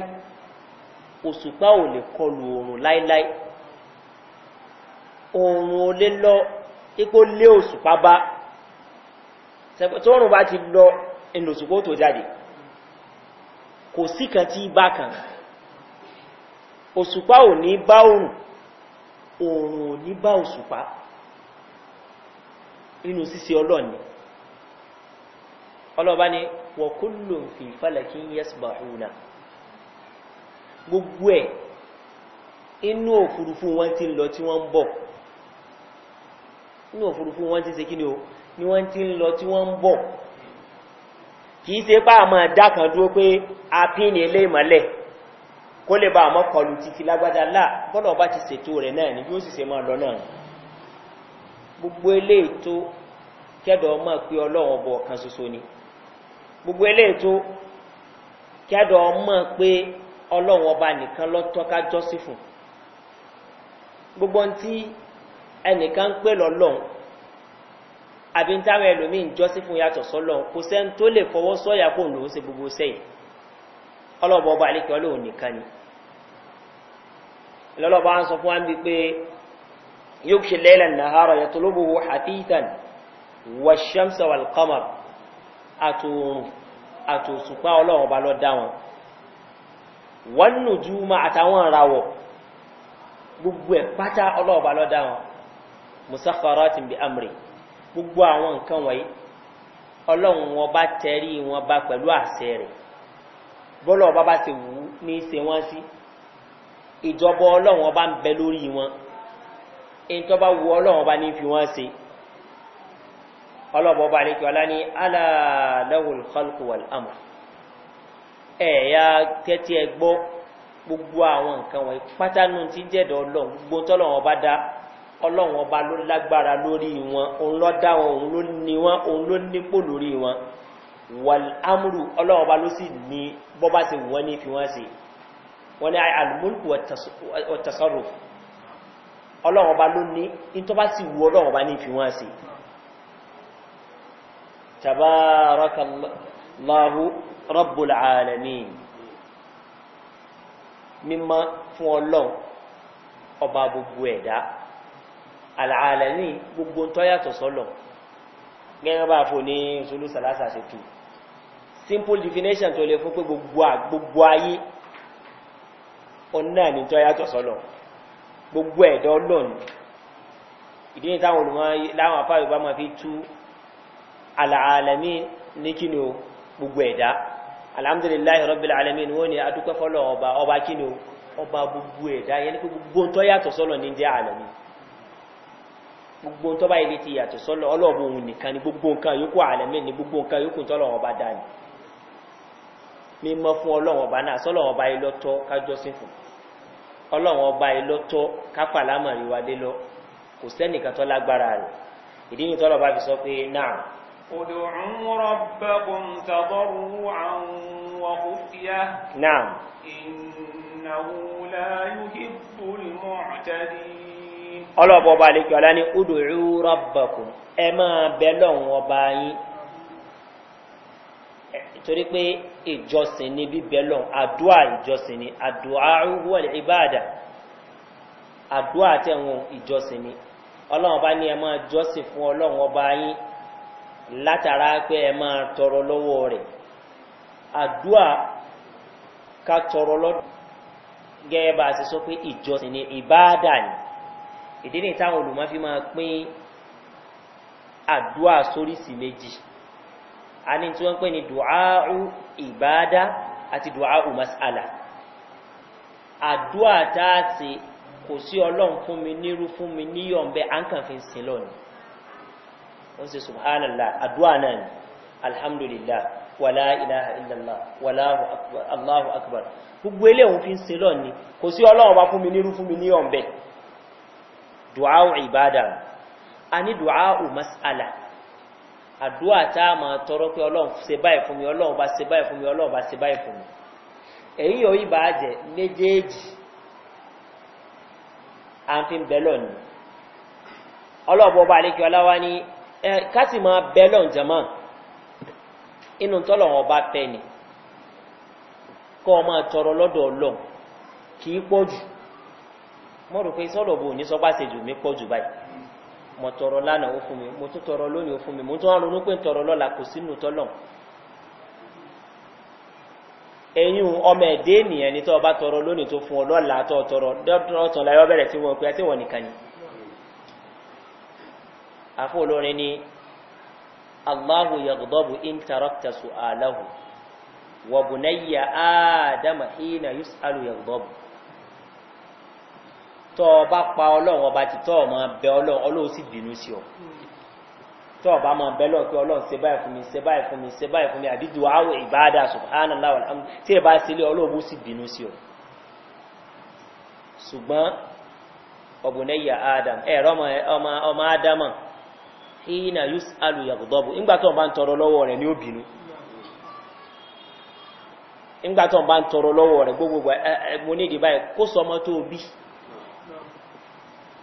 òṣùpá ò lè kọlu òòrùn láíláí òòrùn ò lè lọ ipò lé òṣùpá bá sẹ́pẹ́ tó rùn bá ti lọ ìlòsùpó tó jáde kò sí kan tí bá kan òṣùpá ò ní bá òrùn òrùn ò ní bá òṣùpá nínú ṣíṣe ọlọ́ọ̀ni ọlọ́ọ̀bá ni wọ̀kúlù fi fàlẹ̀kí yẹ́sùbàhùnà gbogbo ẹ̀ inú òfurufú wọn ti lọ tí wọ́n bọ̀ inú òfurufú wọn ti ṣe kí ni o ni wọ́n ti ń lọ tí wọ́n ń bọ̀ kìí ṣe pá àmọ́ ẹ̀dá kan dúró pé a pín ní ilé ìmọ̀lẹ̀ kó lè bá àmọ́ kọlù títí lágbádá láà bọ́lọ̀ bá ti ṣètò rẹ̀ náà ní bí ó sì ṣe máa lọ náà gbogbo ilé ètò kẹ́dọ̀ ọmọ pé ọlọ́run ọbọ̀ kan ṣoṣo ni gbogbo ilé ètò kẹ́dọ̀ ọmọ pé ọlọ́run ọba nìkan lọ́tọ́ká jọ́sí fún gbogbo ohun tí ẹnìkan ń pè lọ́lọ́run àbí táwọn ẹlòmíín jọ́sí fún yàtọ̀ sọ́lọ̀ kò sẹ́ni tó lè fọwọ́ sọ́yà kó lòó ṣe gbogbo sẹ́yìn ọlọ́ọ̀bọ̀ ọba àlékè ọlọ́ọ̀ nìkan ni lọ́lọ́ọ̀bá ń sọ fún wa ń bi pé yóò ṣe lẹ́lẹ̀ nàhárọ̀ yẹ tó lóbo wo àfihàn wà ṣẹ́mṣẹ́ wà kọ́mọ̀r àtòsùpá ọlọ́ọ̀ ọba lọ́ dá wọn nù júmọ́ àtàwọn ìràwọ̀ gbogbo ẹ̀ pátá ọlọ́ọ̀ ọba lọ́ dá wọn musakharati bi amri gbogbo àwọn nǹkan wọ̀nyí ọlọ́run wọn bá tẹ̀rí wọn bá pẹ̀lú àṣẹ rẹ̀ bọ́lọ̀ ọba bá ti wù ú ní í ṣe wọ́n sí ìjọba ọlọ́run ọba ń bẹ lórí wọn èyí tó bá wù ọlọ́run ọba ní fi wọ́n ṣe ọlọ́bọ̀ ọba àlejò ọlá ní aláàlẹ́wòl kọ́lùkù wà lámà ẹ̀yà tẹ́tí ẹ gbọ́ gbogbo àwọn nǹkan wọ̀nyí pátánù ti jẹ́dọ̀ ọlọ́run gbogbo tọ́lọ́run ọba dá ọlọ́run ọba ló lágbára lórí wọn òun ló dá wọn òun ló ní wọn òun ló nípò lórí wọn wàl amúrù ọlọ́run ọba ló sì ní bọ́bá sì wọ́n ní fi wọ́n sí wọ́n ní àlùmọ́lùkù ọ̀tẹ̀sọ́rò ọlọ́run ọba ló ní ìtọ́ba sì wú ọlọ́run ọba ní fi wọ́n sí. tabarakallahu rabbul alamin mímọ́ fún ọlọ́run ọba gbogbo ẹ̀dá àlàálẹ́ní gbogbo tó yàtọ̀ sọ́lọ̀ gẹ́gẹ́ bá fò ní ṣolú sàlásà ṣe tù simple definition tó lè fún pé gbogbo ayé ọ̀nà ni tó yàtọ̀ sọ́lọ̀ gbogbo ẹ̀dọ́ lọ́nà ìdí ní táwọn olùmọ́ láwọn apá yorùbá máa fi tú àlàálẹ́ní ní kí ni o gbogbo ẹ̀dá alhamdulilayi rọ́bìlì alẹ́mí ni wọ́n ni adúpẹ́ fọ́lọ́ ọba ọba kí ni gbogbo tó bá ilé ti yàtọ̀ sọ́lọ́ ọlọ́ọ̀bù òun nìkan ni gbogbo nǹkan yòókù àlẹ́mí ni gbogbo nǹkan yòókù tó lọ́wọ́ bá dá ni mímọ́ fún ọlọ́wọ́ bá náà sọ́lọ́ ọba yìí lọ́tọ́ kájọ́sìn fún ọlọ́wọ́ ọba yìí lọ́tọ́ kápàlámọ̀ rí wa dé lọ kò sẹ́nìkan tó lágbára rẹ̀ ìdí ni tọ́lọ́ bá fi sọ pé náà. ادعوا ربكم تضرعا وخفية نعم إنه لا يحب المعتدين ọlọ́ọ̀bọ̀ ọba àlejò ọ̀la ní udùrú rọ́bàkùn ẹ máa bẹ lọ́hùn ọba yín torí pé ìjọsìn ni bíbẹ lọ́hùn àdúrà ìjọsìn ni àdúrà wọ̀lẹ̀ ìbáàdà àdúrà tẹ̀wọ̀n ìjọsìn ni ọlọ́run ọba ní ẹ máa jọ́sìn fún ọlọ́run ọba yín látara pé ẹ máa tọrọ lọ́wọ́ rẹ̀ àdúrà ká tọrọ lọ́dọ̀ gẹ́gẹ́ bá a ṣe sọ pé ìjọsìn ni ìbáàdà ni ìdí ní táwọn olùmọ́ fi máa pín àdúà sóríṣì méjì a ní tí wọ́n pè ní dùáù ìbáadá àti dùáù masala àdúà táàtì kò sí ọlọ́run fún mi nírú fún mi níyọ̀nbẹ́ à ń kàn fi ń sin lọ́nà wọ́n sì subhanallah àdúà náà ni alhamdulillah wàlá ìlàhà ìlàlá wàlá aláhù akbar gbogbo eléhùn fi ń sin lọ́nà kò sí ọlọ́run bá fún mi nírú fún mi níyọ̀nbẹ́ du'a ibada ani du'a mas'ala adu'a ta ma toro pe olohun se bayi fun mi olohun ba se bayi fun mi ba se bayi fun mi eyin yo je mejeji an fin belon olohun bo ba le ni eh, ka si ma belon jama inu tolohun oba pe ni ko ma toro lodo olohun ki poju mo rò pé sọ́dọ̀ bò ní sọ́pá ṣe jù mí pọ̀ jù báyìí mo tọrọ lánàá ó fún mi mo tún tọrọ lónìí ó fún mi mo tún ronú pé ń tọrọ lọ́la kò sínú tọ́lọ̀ ẹ̀yin ọmọ ẹ̀dẹ́ ni tọ́ ọba tọrọ lónìí tó fún ọ lọ́la tọ́ tọrọ dọ́dọ́ tán láyọ́ bẹ̀rẹ̀ tí wọ́n pe àti wọ́n nìkan ni àfọ olórin ni allahu adama hina alu ta ọba pa ọlọ́run ọba ti tọ́ ọmọ bẹ ọlọ́run ọlọ́run sì bínú sí ọ ọba máa bẹ lọ́ọ̀ ọlọ́run ṣe báyìí fún mi ṣe báyìí fún mi ṣe báyìí fún mi àdídù àwọ̀ ìbáadà subhana allah tí ìbá ṣe lé ọlọ́run sì sí ọ. ṣùgbọ́n ọ̀bùnẹ́yà adam ọmọ Adamu yus ńgbà tó ń bá ń tọrọ lọ́wọ́ rẹ̀ ní tó ń bá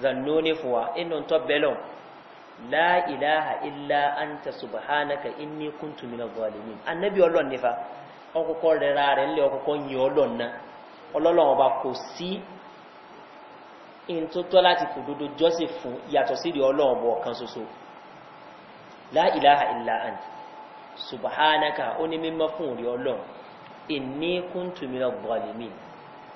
zannoni fún wa inú tó bẹ́lọ̀ láìláha ilá an ta subhanaka inni kuntu minal zalimin annabi ọlọ́n nífa ọkọ̀kọ́ rẹ̀ rẹ̀ ńlẹ̀ ọkọ̀kọ́ yìn ọlọ́n náà ọlọ́lọ́n ọba kò sí in tó tọ́ láti fòdodo jọ́sìn fún yàtọ̀ sí di ọlọ́n ọba ọ̀kan ṣoṣo láìláha an subhanaka ó ní mímọ́ fún òrí ọlọ́n inni kuntu minal zalimin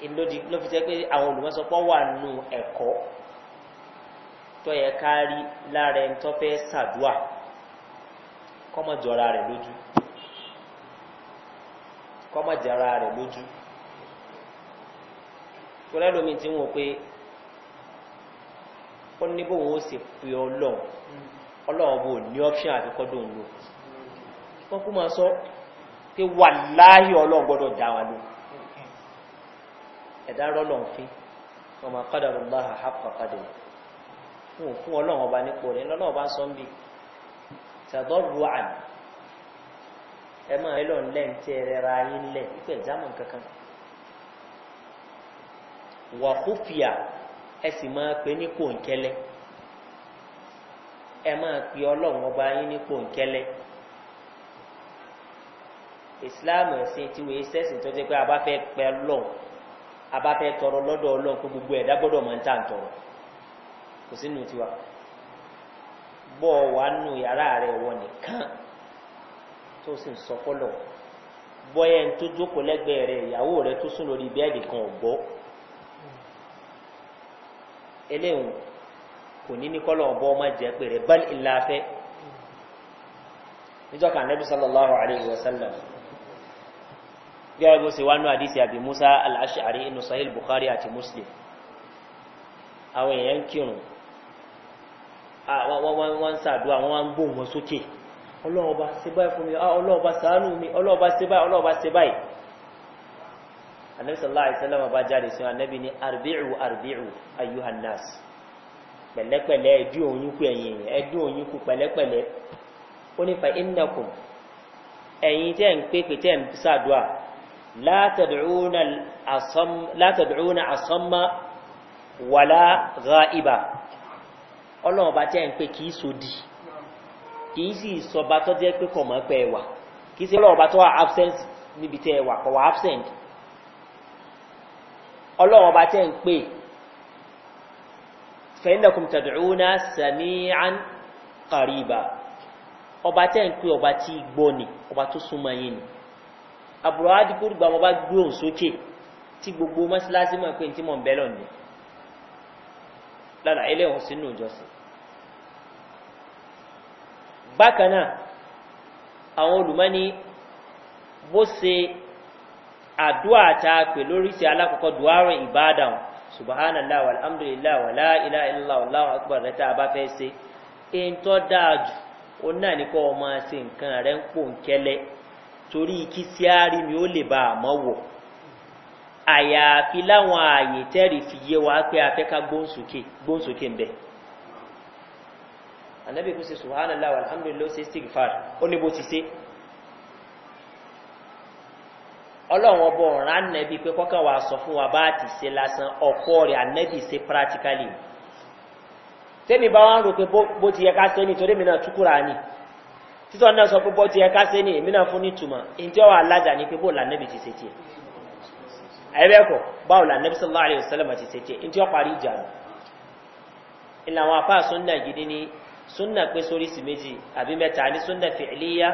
ìlódì ló fi jẹ́ pé àwọn olùmọ́sọpọ̀ wà nù ẹ̀kọ́ tó yẹ kárí lára ẹni tó fẹ́ sàdúà kọ́mọ̀jọra rẹ̀ lójú kọ́mọ̀jọra rẹ̀ lójú torí ẹlòmí tí wọ́n pé ó ní bóun ó sì fi ọlọ́run ọlọ́run bò ní ọ́pṣìn àfikọ́dọ̀ òun lò wọ́n kú máa sọ pé wà láàyè ọlọ́run gbọ́dọ̀ dá wa lóhùn ẹ̀dá rọ́lọ̀ fi ọmọ akọ́dàrú láhà àpàkàdé fún òfin ọlọ́run ọba nípò rẹ̀ ọba sọ ń bì tàdọ́rù àn ẹ máa ẹ ń lẹ́yìn tí ẹ rẹ ra yín lẹ̀ ipò kankan wà kófìà ẹ sì máa ọba yín ní ìsìláàmù ẹ̀sìn abáfẹ́ tọrọ lọ́dọ̀ ọlọ́run kó gbogbo ẹ̀dá gbọ́dọ̀ máa ń tà ń tọrọ kò sínú tiwa bọ́ ọ wà nù yàrá rẹ̀ wọ nìkan tó sì ń sọ fọlọ̀ bọ́yẹ̀ ń tó jókòó lẹ́gbẹ̀ẹ́ rẹ̀ ìyàwó rẹ̀ tó sùn lórí bẹ́ẹ̀dì kan ò gbọ́ eléyìí kò ní ní kọ́lọ̀ ọ̀bọ ọmọ jẹ́ pé rẹ̀ bá ìlà afẹ́ nítorí kan nẹ́bí sọlọ́láhùn àlẹ́ ìwọ̀sálàmù. gẹ́gẹ́ bó ṣe wá ní musa al-ashari inú sahil a ti muslim àwọn èèyàn kírun ah, wọ́n ń sàdúrà wọ́n wọn sókè ọlọ́ọ̀ba ṣe fún mi ah, ọlọ́ọ̀ba sàánú mi ọlọ́ọ̀ba ṣe báyìí sibai islam anabi sallallahu alaihi wasallam bá jáde anabi arbi'u arbi'u ayyuhan nas pẹ̀lẹ́pẹ̀lẹ́ ẹ̀dú òyìn kú ẹ̀yìn ó ní fa لا تدعون àsánmà wàlá ghaiba ọlọ́run bá tẹ́ ń pé kìí sódì kìí sì sọba tó jẹ́ pé kọ̀mọ́ pẹ́ wà kìí sí ọlọ́run bá tó wà absent níbi tẹ́ wà kọ̀wà absent ọlọ́run bá tẹ́ ń pé fẹ́ndàkùn tàdùrúnà sàmíyàn kàríba ọba tẹ́ ń pé ọba tí gbọ́ ni ọba tó súnmọ́ yìí ni àbúrò adìgbòdìgbà wọn bá gbóhùn sókè tí gbogbo mọ́síláṣí mọ̀ pé ní tí mò ń bẹ́ lọ ni lára ẹlẹ́wọ̀n sínú ìjọsìn bákan náà àwọn olùmọ́ni bó ṣe àdúà ta pè lórí sí alákọ̀ọ́kọ́ duwarin ìbádàn Allah alhamdulillah wàlá ilá ilá Allah akbar rẹta bá fẹ́ ṣe èyí tó dáa jù ó náà ní kọ́ ọmọ ṣe nǹkan rẹ̀ ń pò ń kẹ́lẹ́ torí kí síárì mi ó lè ba a mọ́ wọ̀ àyàfi láwọn ààyè tẹ́rì fi yé wa pé afẹ́ká gbóǹsókè ń bẹ̀ anabi kò ṣe subhanallah alhamdulilayi ṣe stigfar ó ní bó ti ṣe ọlọ́run ọbọ̀ ọ̀ràn anabi pé kọ́kàn wa sọ fún wa bá ti ṣe lásán ọ̀pọ̀ rẹ̀ anabi ṣe practically tẹ́mi bá ń pé bó ti yẹ ká mi náà títọ́ náà sọ púpọ̀ tí ẹ ká sé ní èmi náà fún nítumọ̀ èyí tí ó wà alájà ní pé bóòlù ànẹ́bì ti ṣe tiẹ̀ ẹ̀rẹ́kọ̀ báwo lànẹ́bì sọ́lá àlẹ́ òṣèlú ti ṣe tiẹ̀ èyí tí ó parí ìjà nù ìlà àwọn apá sunna gidi ni sunna pé sórí sí méjì àbí mẹ́ta ní sunna fìlíyà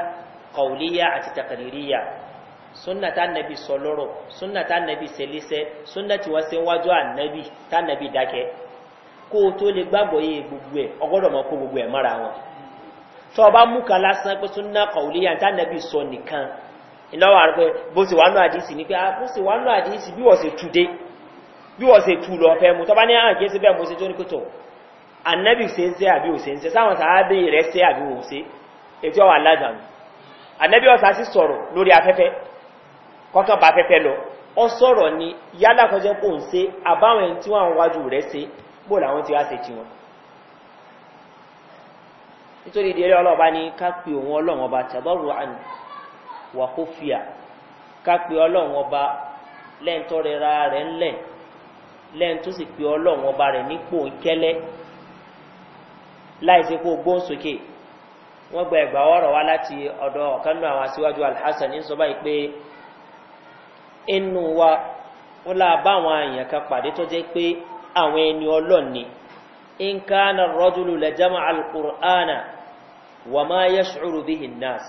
kọ̀wìlíyà àti tàkàríríyà sunna tá nàbì sọ lọ́rọ̀ sunna tá nàbì sẹlẹ́sẹ́ sunna tí wọ́n ṣe wájú ànẹ́bì kó o tó lè gbàgbọ́ yé gbogbo ẹ̀ ọgọ́dọ̀ mọ́ kó gbogbo ẹ̀ mọ́ra wọn tó ọba mú kan lásán pé súnà kọ̀wúlíyà tá nàbí sọ nìkan ìlọ́wọ́ àrùn pé bó ti wà nù àdìsí ni pé ah, bó ti wà nù àdìsí bí wọ́n ṣe tu dé bí wọ́n ṣe tu lọ fẹ́ mu tọ́ba ní àhàn ah, kí ẹsẹ̀ bẹ́ẹ̀ mo ṣe tó ní kótó ànábì ṣe ń ṣe àbí ò ṣe ń ṣe sáwọn sàábì rẹ̀ ṣe àbí ò ṣe ètò ọ̀wà aládàánu ànábì ọ̀sà sì sọ̀rọ̀ lórí afẹ́fẹ́ kọ́kàn bá afẹ́fẹ́ lọ ọ sọ̀rọ̀ ni yálà kọjá kò ń ṣe àbáwọn ẹni tí wọ́n wájú rẹ̀ ṣe bó làwọn ti wá ṣe tiwọn nítorí ìdílé ọlọ́ọ̀bá ni ká pe òun ọlọ́run ọba tàbọ̀rù àn wà kó fìyà ká pe ọlọ́run ọba lẹ́yìn tó rẹra rẹ̀ ńlẹ̀ lẹ́yìn sì pe ọlọ́run ọba rẹ̀ nípò ńkẹ́lẹ́ láì sí kó gbóhùn sókè wọ́n gba ẹ̀gbà ọ̀rọ̀ wá láti ọ̀dọ̀ ọ̀kan àwọn aṣíwájú alhassan ní sọ báyìí pé inú wà máa yẹ ṣòro bí hinas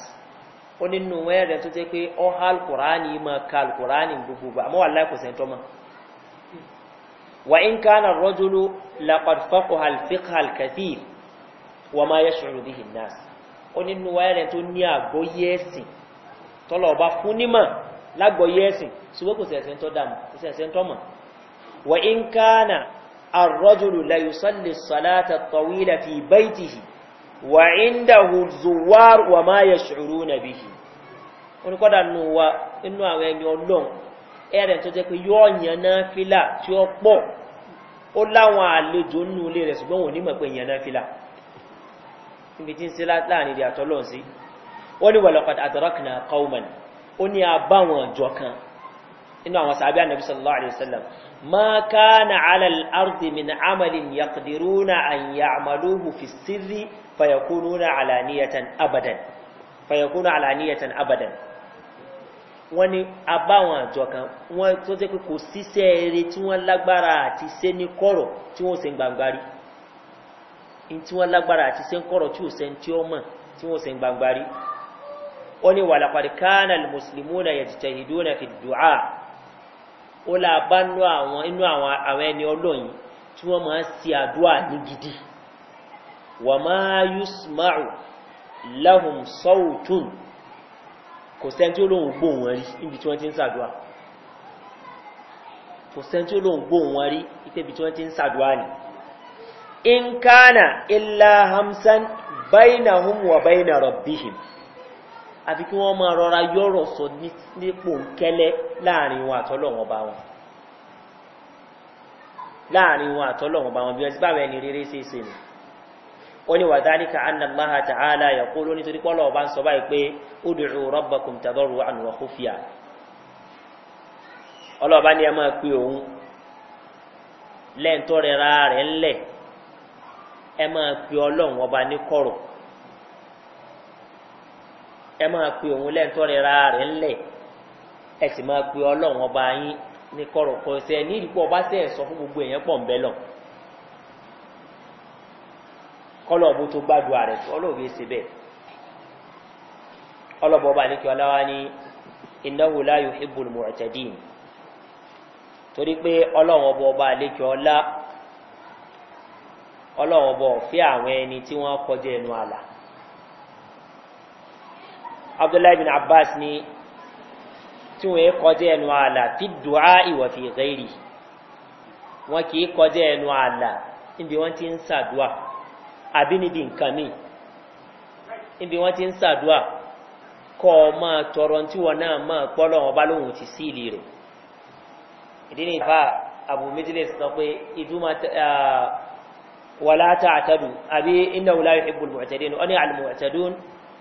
ó nínú wẹ́rẹ̀ rẹ̀ tó jẹ́ pé ọ ha alkùránì máa ka alkùránì gbogbo àmọ́ wà láì kò sẹ́ńtọ́ mọ́ wà ń kánà rọ́júlú lápàdùfọ́kù alfíkà alkàfí wà máa yẹ ṣòro bí hinas ó nínú wẹ́rẹ̀ rẹ̀ tó ní àgbóyé ẹ̀sìn tọ́lọ̀ ọba fún nímọ̀ lágbóyé ẹ̀sìn ṣùgbọ́n kò sẹ̀sẹ̀ńtọ́ mọ̀ wà ń kánà الرجل لا يصلي الصلاة الطويلة في بيته wà ìndàhù zuwar wà máa yẹ ṣòro nàbí yìí wọn kọ́dà nù wa inú àwọn ẹni ọlọ́run ẹ̀rẹ̀ tó jẹ́ pé yóò yàn náà fílà tí ó pọ̀ ó láwọn àlejò nínú ilé rẹ̀ ṣùgbọ́n wọn ò ní mọ̀ pé yàn náà fílà níbi tí ń ṣe láàrin ìdí àtọ́lọ́ sí wọ́n ní wàlọ́kọ̀ àtọ́rọ́kìnà kọ́ọ̀mọ̀n ó ní abáwọn ọjọ́ kan inú àwọn sàbí ànàbí ma kana ala al-ardi min amalin yaqdiruna an ya'maluhu fi sirri fayakununa alaniyatan abadan fayakuna alaniyatan abadan wọ́n ní abáwọn àjọ kan wọ́n tó jẹ́ pé kò síṣẹ́ eré tí wọ́n lágbára àti ṣe ní kọ̀rọ̀ tí wọ́n ṣe ń gbangbari tí wọ́n lágbára àti ṣe ń kọ̀rọ̀ tí ò ṣe ń tí ó mọ̀ tí wọ́n ṣe ń gbangbari wọ́n ní wàlàpàdé kánà mùsùlùmí náà yẹ̀ tìtẹ̀ ìdúró náà fi dùá ó là bá nú àwọn inú àwọn àwọn ẹni ọlọ́yìn tí wọ́n máa ń se àdúrà ní gidi wà máa yusmaru lahum sọ́wùtún kò sẹ́ni tí ó lóun gbóhùn wọn rí níbi tí wọ́n ti ń sàdúrà kò sẹ́ni tí ó lóun rí níbi tí wọ́n ti ń sàdúrà ni in kana illa hamsan bainahum wa baina rabbihim àfi kí wọ́n máa rọra yọ́rọ̀ sọ nípò kẹ́lẹ́ láàrin wọn àtọ́lọ́wọ́n bá wọn láàrin wọn àtọ́lọ́wọ́n bá wọn bí wọ́n ti ẹni rere ṣe ṣe nù ó ní wàdálíkà annallaha ta ya kó ló nítorí pọ́lọ̀ ọba ń sọ báyìí pé ó dùn ún rọ́bà kùn tàbọ̀rù ànúwà kó fìyà ni a máa pe òun rẹ̀ ńlẹ̀ ẹ máa pe òun lẹ́ńtọ́ rẹ ra rẹ̀ ńlẹ̀ ẹ sì máa pe ọlọ́run ọba yín ní kọ̀rọ̀ ṣe ọba si sọ fún gbogbo èèyàn pọ̀ ńbẹ́ lọ kọlọ́ọ̀bù tó gbàdúrà rẹ̀ ọlọ́ọ̀bù ṣe bẹ́ẹ̀ ọlọ́ọ̀bù ọba ní kí ọláwa ní láyò ọba àlejò ọlá ọ̀fẹ́ àwọn ẹni tí wọ́n kọjá abdullahi bin abbas ní tí wọ́n yẹ kọjá ẹnu ààlà fi dùá ìwà fi rẹ́rì wọn kì í kọjá ẹnu ààlà níbi wọ́n ti ń sàdúà àbí níbi nǹkan míì níbi wọ́n ti ń sàdúà kọ́ ọ máa tọrọ tí wọn náà máa pọ́ lọ́wọ́ bá lóhùn ti síìlì rẹ̀ ìdí ni ìfà abu méjìlẹ̀ sọ pé ìdúmọ̀ wàlá tààtàdù àbí iná wùlá ìhìbùl mọ̀tẹ́dẹ́nu àlùmọ̀tẹ́dún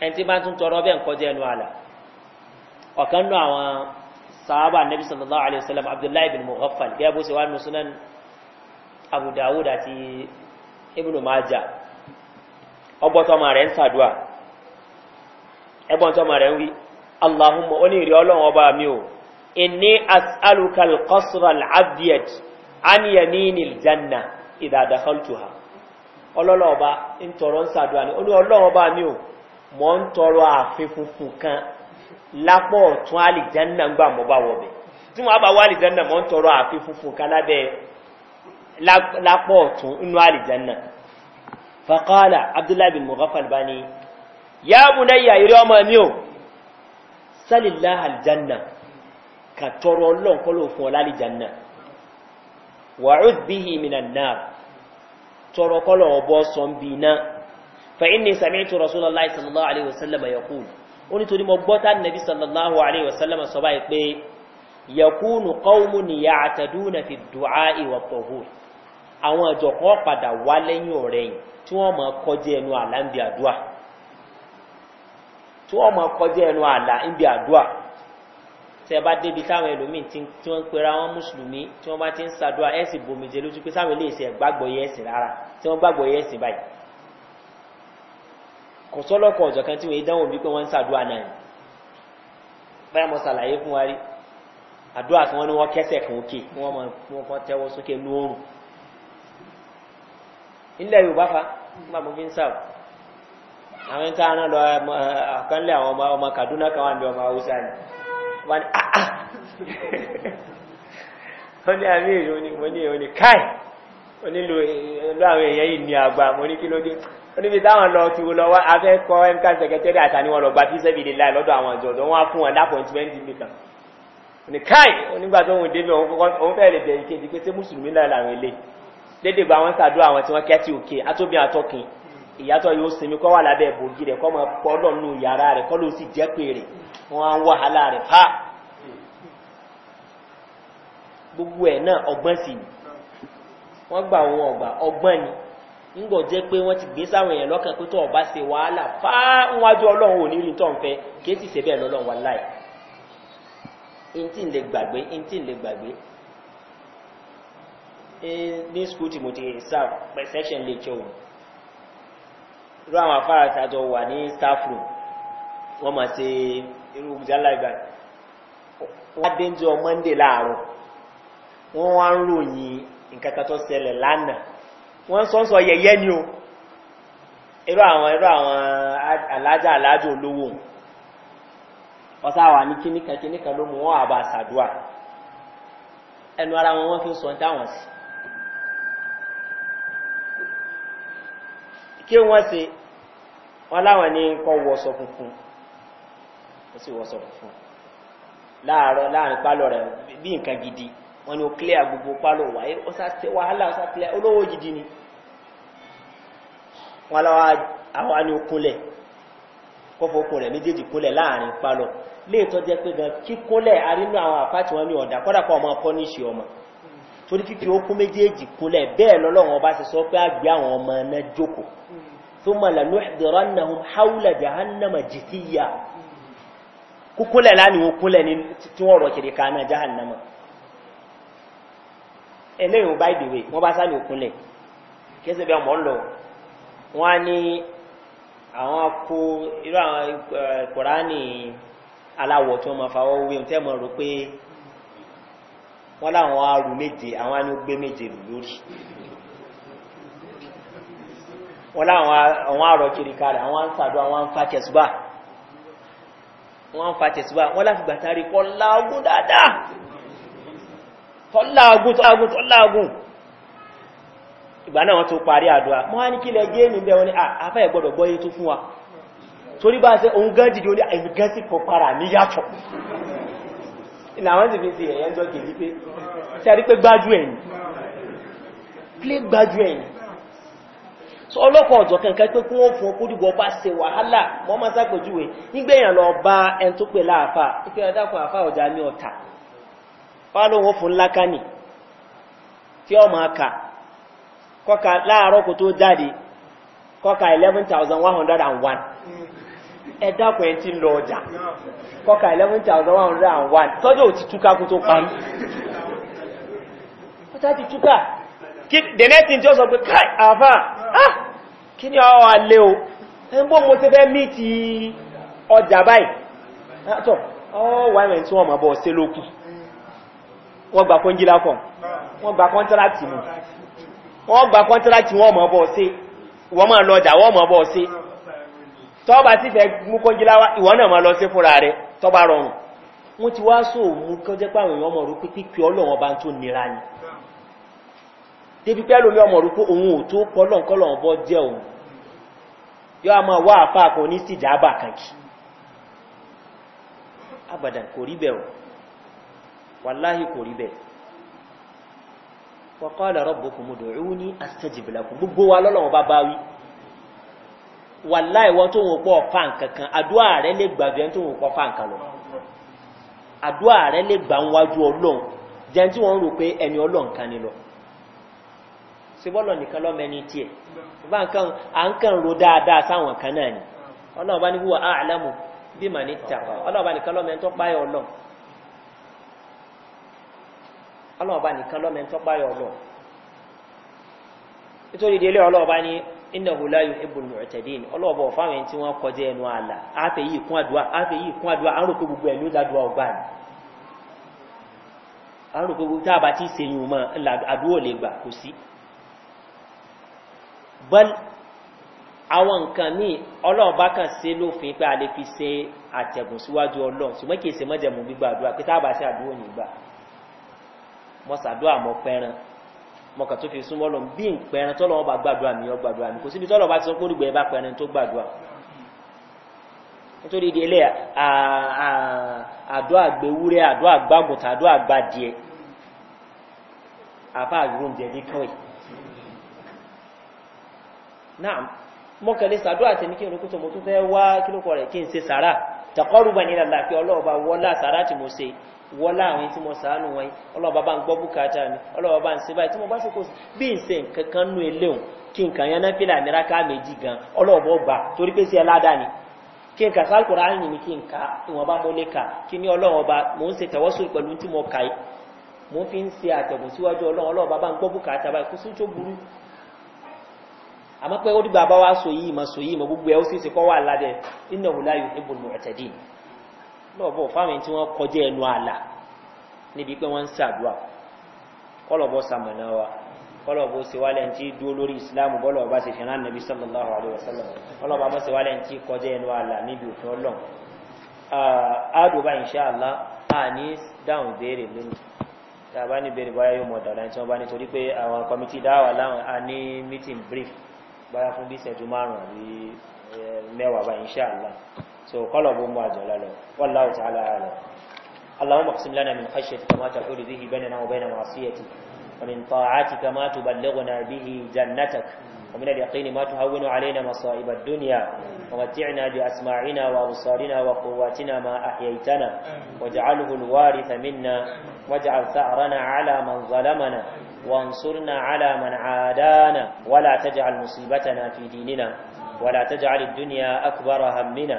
ẹni tí bá tún tọrọ bẹ́ẹ̀ kọjá ẹnu àlà ọ̀kan nù àwọn sàábà nabi sallallahu alayhi wa sallam abdullahi bin muhaffal gẹ́gẹ́ bó ṣe wà nù sunan abu dawud àti ibnu maja ọgbọ́tọ́ ọmọ rẹ̀ ń sàdúà ẹgbọ́ntọ́ ọmọ rẹ̀ ń wí allahumma ó ní ìrí ọlọ́run ọba mi o inni as'alukal qasral abdiyat an yaminil ní ọlọ́run mọ́ ń tọrọ ààfin funfun kan lápọ̀ ọ̀tún àlìjánná ń gbà mọ́ bá wọ̀bẹ̀ tí wọ́n bá wá àlìjánná mọ́ ń tọrọ ààfin funfun kan lábẹ́ lápọ̀ ọ̀tún inú àlìjánná fàkọ́lá abdullahi bin mughaffal bá ní فإني سمعت رسول الله صلى الله عليه وسلم يقول أني تري مبوتا النبي صلى الله عليه وسلم صبايك بي يكون قوم يعتدون في الدعاء والطهور àwọn àjọ kan padà wá lẹ́yìn ọ̀rẹ́yìn tí wọ́n mọ̀ kọjá ẹnu àlá ń bí àdúà tí wọ́n mọ̀ kọjá ẹnu àlá ń bí àdúà tí ẹ bá débi táwọn ẹlòmíì tí wọ́n ń pera ti ń sàdúà ẹ̀ sì bomi jẹ lójú pé sáwọn eléyìí ṣe gbàgbọ́ yẹ̀ ẹ̀sìn rárá tí wọ́n gbàgbọ́ yẹ̀ ẹ̀sìn kò sọ́lọ́kọ̀ ọ̀jọ̀ kan tí wọ́n dánwò bí pé wọ́n ń sàdúà náà ni báyìí mo ṣàlàyé fún wa rí àdúà tí wọ́n ní wọ́n kẹ́sẹ̀ kan òkè kí wọ́n mọ tẹ́wọ́ sókè ní oòrùn ilẹ̀ yorùbá fa nígbà mo fi ń sàwọ̀ àwọn ẹni a rán lọ àkànlẹ̀ àwọn ọmọ kaduna kan wà ní ọmọ haúsá ni wọ́n ní ah, ah. àmì èrò ni káì onílò àwọn èèyàn yìí ní àgbà mo ní kí ló dé oníbi táwọn lọ ti wo lọ wá afẹ́kọ́ mka secretary àtàní wọn lọ gba fíṣẹ́ bìí láì lọ́dọ̀ àwọn ìjọ tó wọ́n á fún wọn lápọ̀ntìmẹ́ntì nìkan ní káì onígbà tó ń débi òun fẹ́ lè bẹ̀rẹ̀ kejì pé ṣé mùsùlùmí náà làwọn ilé dédé gba àwọn sàdó àwọn tí wọ́n kẹ́tì òkè atóbi àtọkìn ni wọ́n gbà wọn ọ̀gbà ọgbọ́n ni ńgbọ̀ jẹ́ pé wọ́n ti gbé sáwọn èèyàn lọ́kàn pé tó ọba ṣe wàhálà fá níwájú ọlọ́run ò ní rí tó ń fẹ́ kí èsì ṣe bẹ́ẹ̀ wà láì ntí ń lè gbàgbé ntí ń lè gbàgbé ní skul tí mo ti serve section lè jẹ́ òun irú àwọn afárá àtàjọ wà ní staff room wọ́n máa ṣe irú jálá ìgbà á dé ń jọ monday láàárọ̀ wọ́n wá ń ròyìn nǹkan tó ṣẹlẹ̀ lánàá wọ́n sọ ń sọ yẹyẹ ni o irú àwọn irú àwọn alájà alájò olówó wọ́n sáwà ní kíníkan kíníkan ló mú wọn àbá àsàdúà ẹnu ara wọn wọ́n fi sọ dáwọn sí kí wọ́n ṣe wọ́n láwọn ní kọ́ wọ́sọ funfun ó sì wọ́sọ funfun láàárọ̀ láàrin pálọ̀ rẹ̀ bí nǹkan gidi wọ́n ni ó clear gbogbo pálọ̀ wáyé eh, wàhálà ó sá clear olówó jìdí ni wọ́n láwá àwọn ni ó kúnlẹ̀ kọ́fọ́ kúnlẹ̀ méjèèjì kúnlẹ̀ láàrin pálọ̀ léètọ́ jẹ́ pé gan kíkúnlẹ̀ arínú àwọn àpáàtì wọn ni ọ̀dà kọ́dàpọ̀ ọmọ pọ́níṣì ọmọ torí fífi okún méjèèjì kúnlẹ̀ bẹ́ẹ̀ lọ́lọ́run ọba ṣe sọ pé àgbẹ̀ àwọn ọmọ náà jókòó tó mọ̀ lẹ́nu ìdọ̀rọ̀nàhùn haúlẹ̀ jahannama jìtìyà kúkúnlẹ̀ láni wọn kúnlẹ̀ tí wọ́n rọ̀ kiri kaná jahannama ẹlẹ́yìn by the way wọ́n bá sáré òkunlẹ̀ kẹsẹ̀ bí ọmọ ń lọ wọ́n á ní àwọn kó irú àwọn kòránì aláwọ̀ tí wọ́n máa fa ọwọ́ wíwọ́n tẹ́ mọ̀ rò pé wọ́n láwọn arù méje àwọn á ní gbé méje lù lórí wọ́n láwọn àwọn àrọ̀ kiri kalẹ̀ àwọn ń sàdó àwọn ń fa tẹ̀síbà wọ́n ń fa wọ́n láfi gbàtàrí kọ́ láàgùn dáadáa tọ́láàgùn tọ́láàgùn tọ́láàgùn ìgbà náà wọ́n tó parí àdúrà mọ́ ní kílẹ̀ géèmì bẹ́ wọn afẹ́ ah, ìgbọ́dọ̀ gbọ́yé tó fún wa torí bá ṣe oun gán dìde orí àìgán sí kọpara ní yàtọ̀ ìlàwọ́n ti fi sí ẹ̀yẹ́ jọ kìí so ọlọ́kọ̀ ọ̀jọ̀ kankan pé kún ó fún okúdùgbọ́ bá ṣe wàhálà mọ́ máa sápòjúwe nígbẹ̀yàn lọ bá ẹn tó pè láàfà ìpẹ́ ẹ̀dàkùn àfà ọ̀jà ní ọ̀tà fálóhun fún lákánì tí ọ ma kà kọka láàárọ̀ kò tó jáde kọka 11,101 ẹ̀dàkùn ẹ̀ tí lọ ọjà kọka 11,101 tọ́jọ́ ò ti túká kò tó parí ọjọ́ ti túká the next tí ó sọ pé káì ah kí ni o ẹgbọ́n mo ti fẹ́ mí ti ọjà báyìí ah, ọ wà tí wọ́n ma bọ̀ sí lókùn wọ́n gba kọ́njílá kan wọ́n gba kọ́ntrákì mú wọ́n gba kọ́ntrákì wọ́n mọ̀ bọ́ sí wọ́n mọ̀ lọ́jà wọ́n mọ̀ bọ́ sí tọ́ba sì fẹ́ mú kọ́njílá wá ìwọ́n náà mọ̀ lọ sí fúnra rẹ̀ tọ́ba rọrùn wọ́n ti wá sọ òun kọjẹ́ pàwọn èèyàn mọ̀ rú pé ni débi pẹ́ lómi ọmọ rú jẹ́ òun yọ a wàláhì kò rí bẹ́ẹ̀ wọ́kọ́lẹ̀ rọ́bù kò mú dòrú ní asẹ́jìbìlẹ̀kùn gbogbo wa lọ́lọ́wọ́ bá bá wí wàláhì wọ́n tó wọn pọ̀ pa nǹkan kan àdúrà rẹ lè gbà jẹ́ tó wọn pọ̀ pa nǹkan lọ àdúrà rẹ lè gbà wájú ọlọ́run jẹ́ tí wọ́n rò pé ẹni ọlọ́run kan ni lọ ní wúwo tó páyọ̀ ọlọ́run ọlọ́ọ̀bá nìkan lọ́mọ ẹni tọ́pá yọ ọlọ́ nítorí délé ọlọ́ọ̀bá ní iná hùlá yóò ebùn mọ̀tẹ́dín ọlọ́ọ̀bá ọ̀fáwọn ẹni tí wọ́n kọjá ẹnu àlà áfẹ́ yìí kún àdúrà áfẹ́ yìí kún àdúrà àrùn kó gbogbo ẹ̀ ló ládùá ọgbà ni àrùn kó gbogbo tá a bá ti sèyìn mọ́ àdúrà lè gbà kò sí. àwọn nǹkan míì ọlọ́ọ̀bá kan ṣe lófin pé a lè fi ṣe àtẹ̀gùn síwájú ọlọ́ọ̀ ṣùgbọ́n kì í ṣe gbígbà àdúrà pé tá a àdúrà ò ní gbà mo ṣàdúrà mo pẹran mo kàn tó fi súnmọ́ lọ bí n pẹran tọ́lọ́ wọn bá gbàdúrà mi yọ gbàdúrà mi kò síbi tọ́lọ́ bá ti sọ pé onígbẹ̀ẹ́ bá pẹran tó gbàdúrà nítorí ìdí ilé àdó àgbéwúrẹ́ àdó àgbàgùntà àdó àgbàdìẹ àbá àgbóúnjẹ ní kọ́ì náà mọ́kànlẹ̀ sàdó àti ní kí n rúkútọ̀ mo tún fẹ́ wá kílòkọ̀ rẹ̀ kí n se sàrà tàkọ́rùbà nílàlá pé ọlọ́ọ̀bà wọlá sàrà tí mo se wọ́lá àwọn tí mo sàánù wọ́n ọlọ́ọ̀bá bá ń gbọ́ bùkátà mi ọlọ́ọ̀bá bá ń se báyìí tí mo bá ṣokò sí bí n se nǹkan kan nú eléhùn kí nǹkan yẹn náà fílà mìíràn méjì gan ọlọ́ọ̀bá ọgbà torí pé sí ẹ ládàá ni kí nǹkan sálùkùrọ̀ á yìn mí ìwọ̀n bá mo lè kà kí ní ọlọ́ọ̀bá mò ń se tẹ̀wọ́sùn pẹ̀lú tí mo kà mo fi ń se àtẹ̀gùn síwájú lọ́ọ̀bọ̀ fáwọn tí wọ́n kọjá ẹnu àlà níbi pé wọ́n ń sàdúà kọ́lọ̀bọ̀ sàmọ̀nà wa kọ́lọ̀bọ̀ ṣe wálẹ̀ tí dúó lórí ìsìláàmù bọ́lọ̀ ọba ṣe fìrán nàbí sallallahu alayhi wa sallam kọ́lọ̀bọ̀ àmọ́ ṣe wálẹ̀ tí kọjá ẹnu àlà níbi òfin ọlọ́n àádọ́bà ìṣáàlá a ní dáhùn béèrè lónìí tá a bá ní béèrè báyá yóò mọ̀ dàdá tí wọ́n bá nítorí pé àwọn kọmitì dáwà láwọn so kọlọ̀ bó ń bá àjọ lálọ wàláwù اللهم اقسم لنا من خشيتك ما تحول به بيننا وبين معصيتك ومن طاعتك ما تبلغنا به جنتك ومن اليقين ما تهون علينا مصائب الدنيا ومتعنا بأسماعنا وأبصارنا وقواتنا ما أحييتنا واجعله الوارث منا واجعل ثأرنا على من ظلمنا وانصرنا على من عادانا ولا تجعل مصيبتنا في ديننا ولا تجعل الدنيا أكبر همنا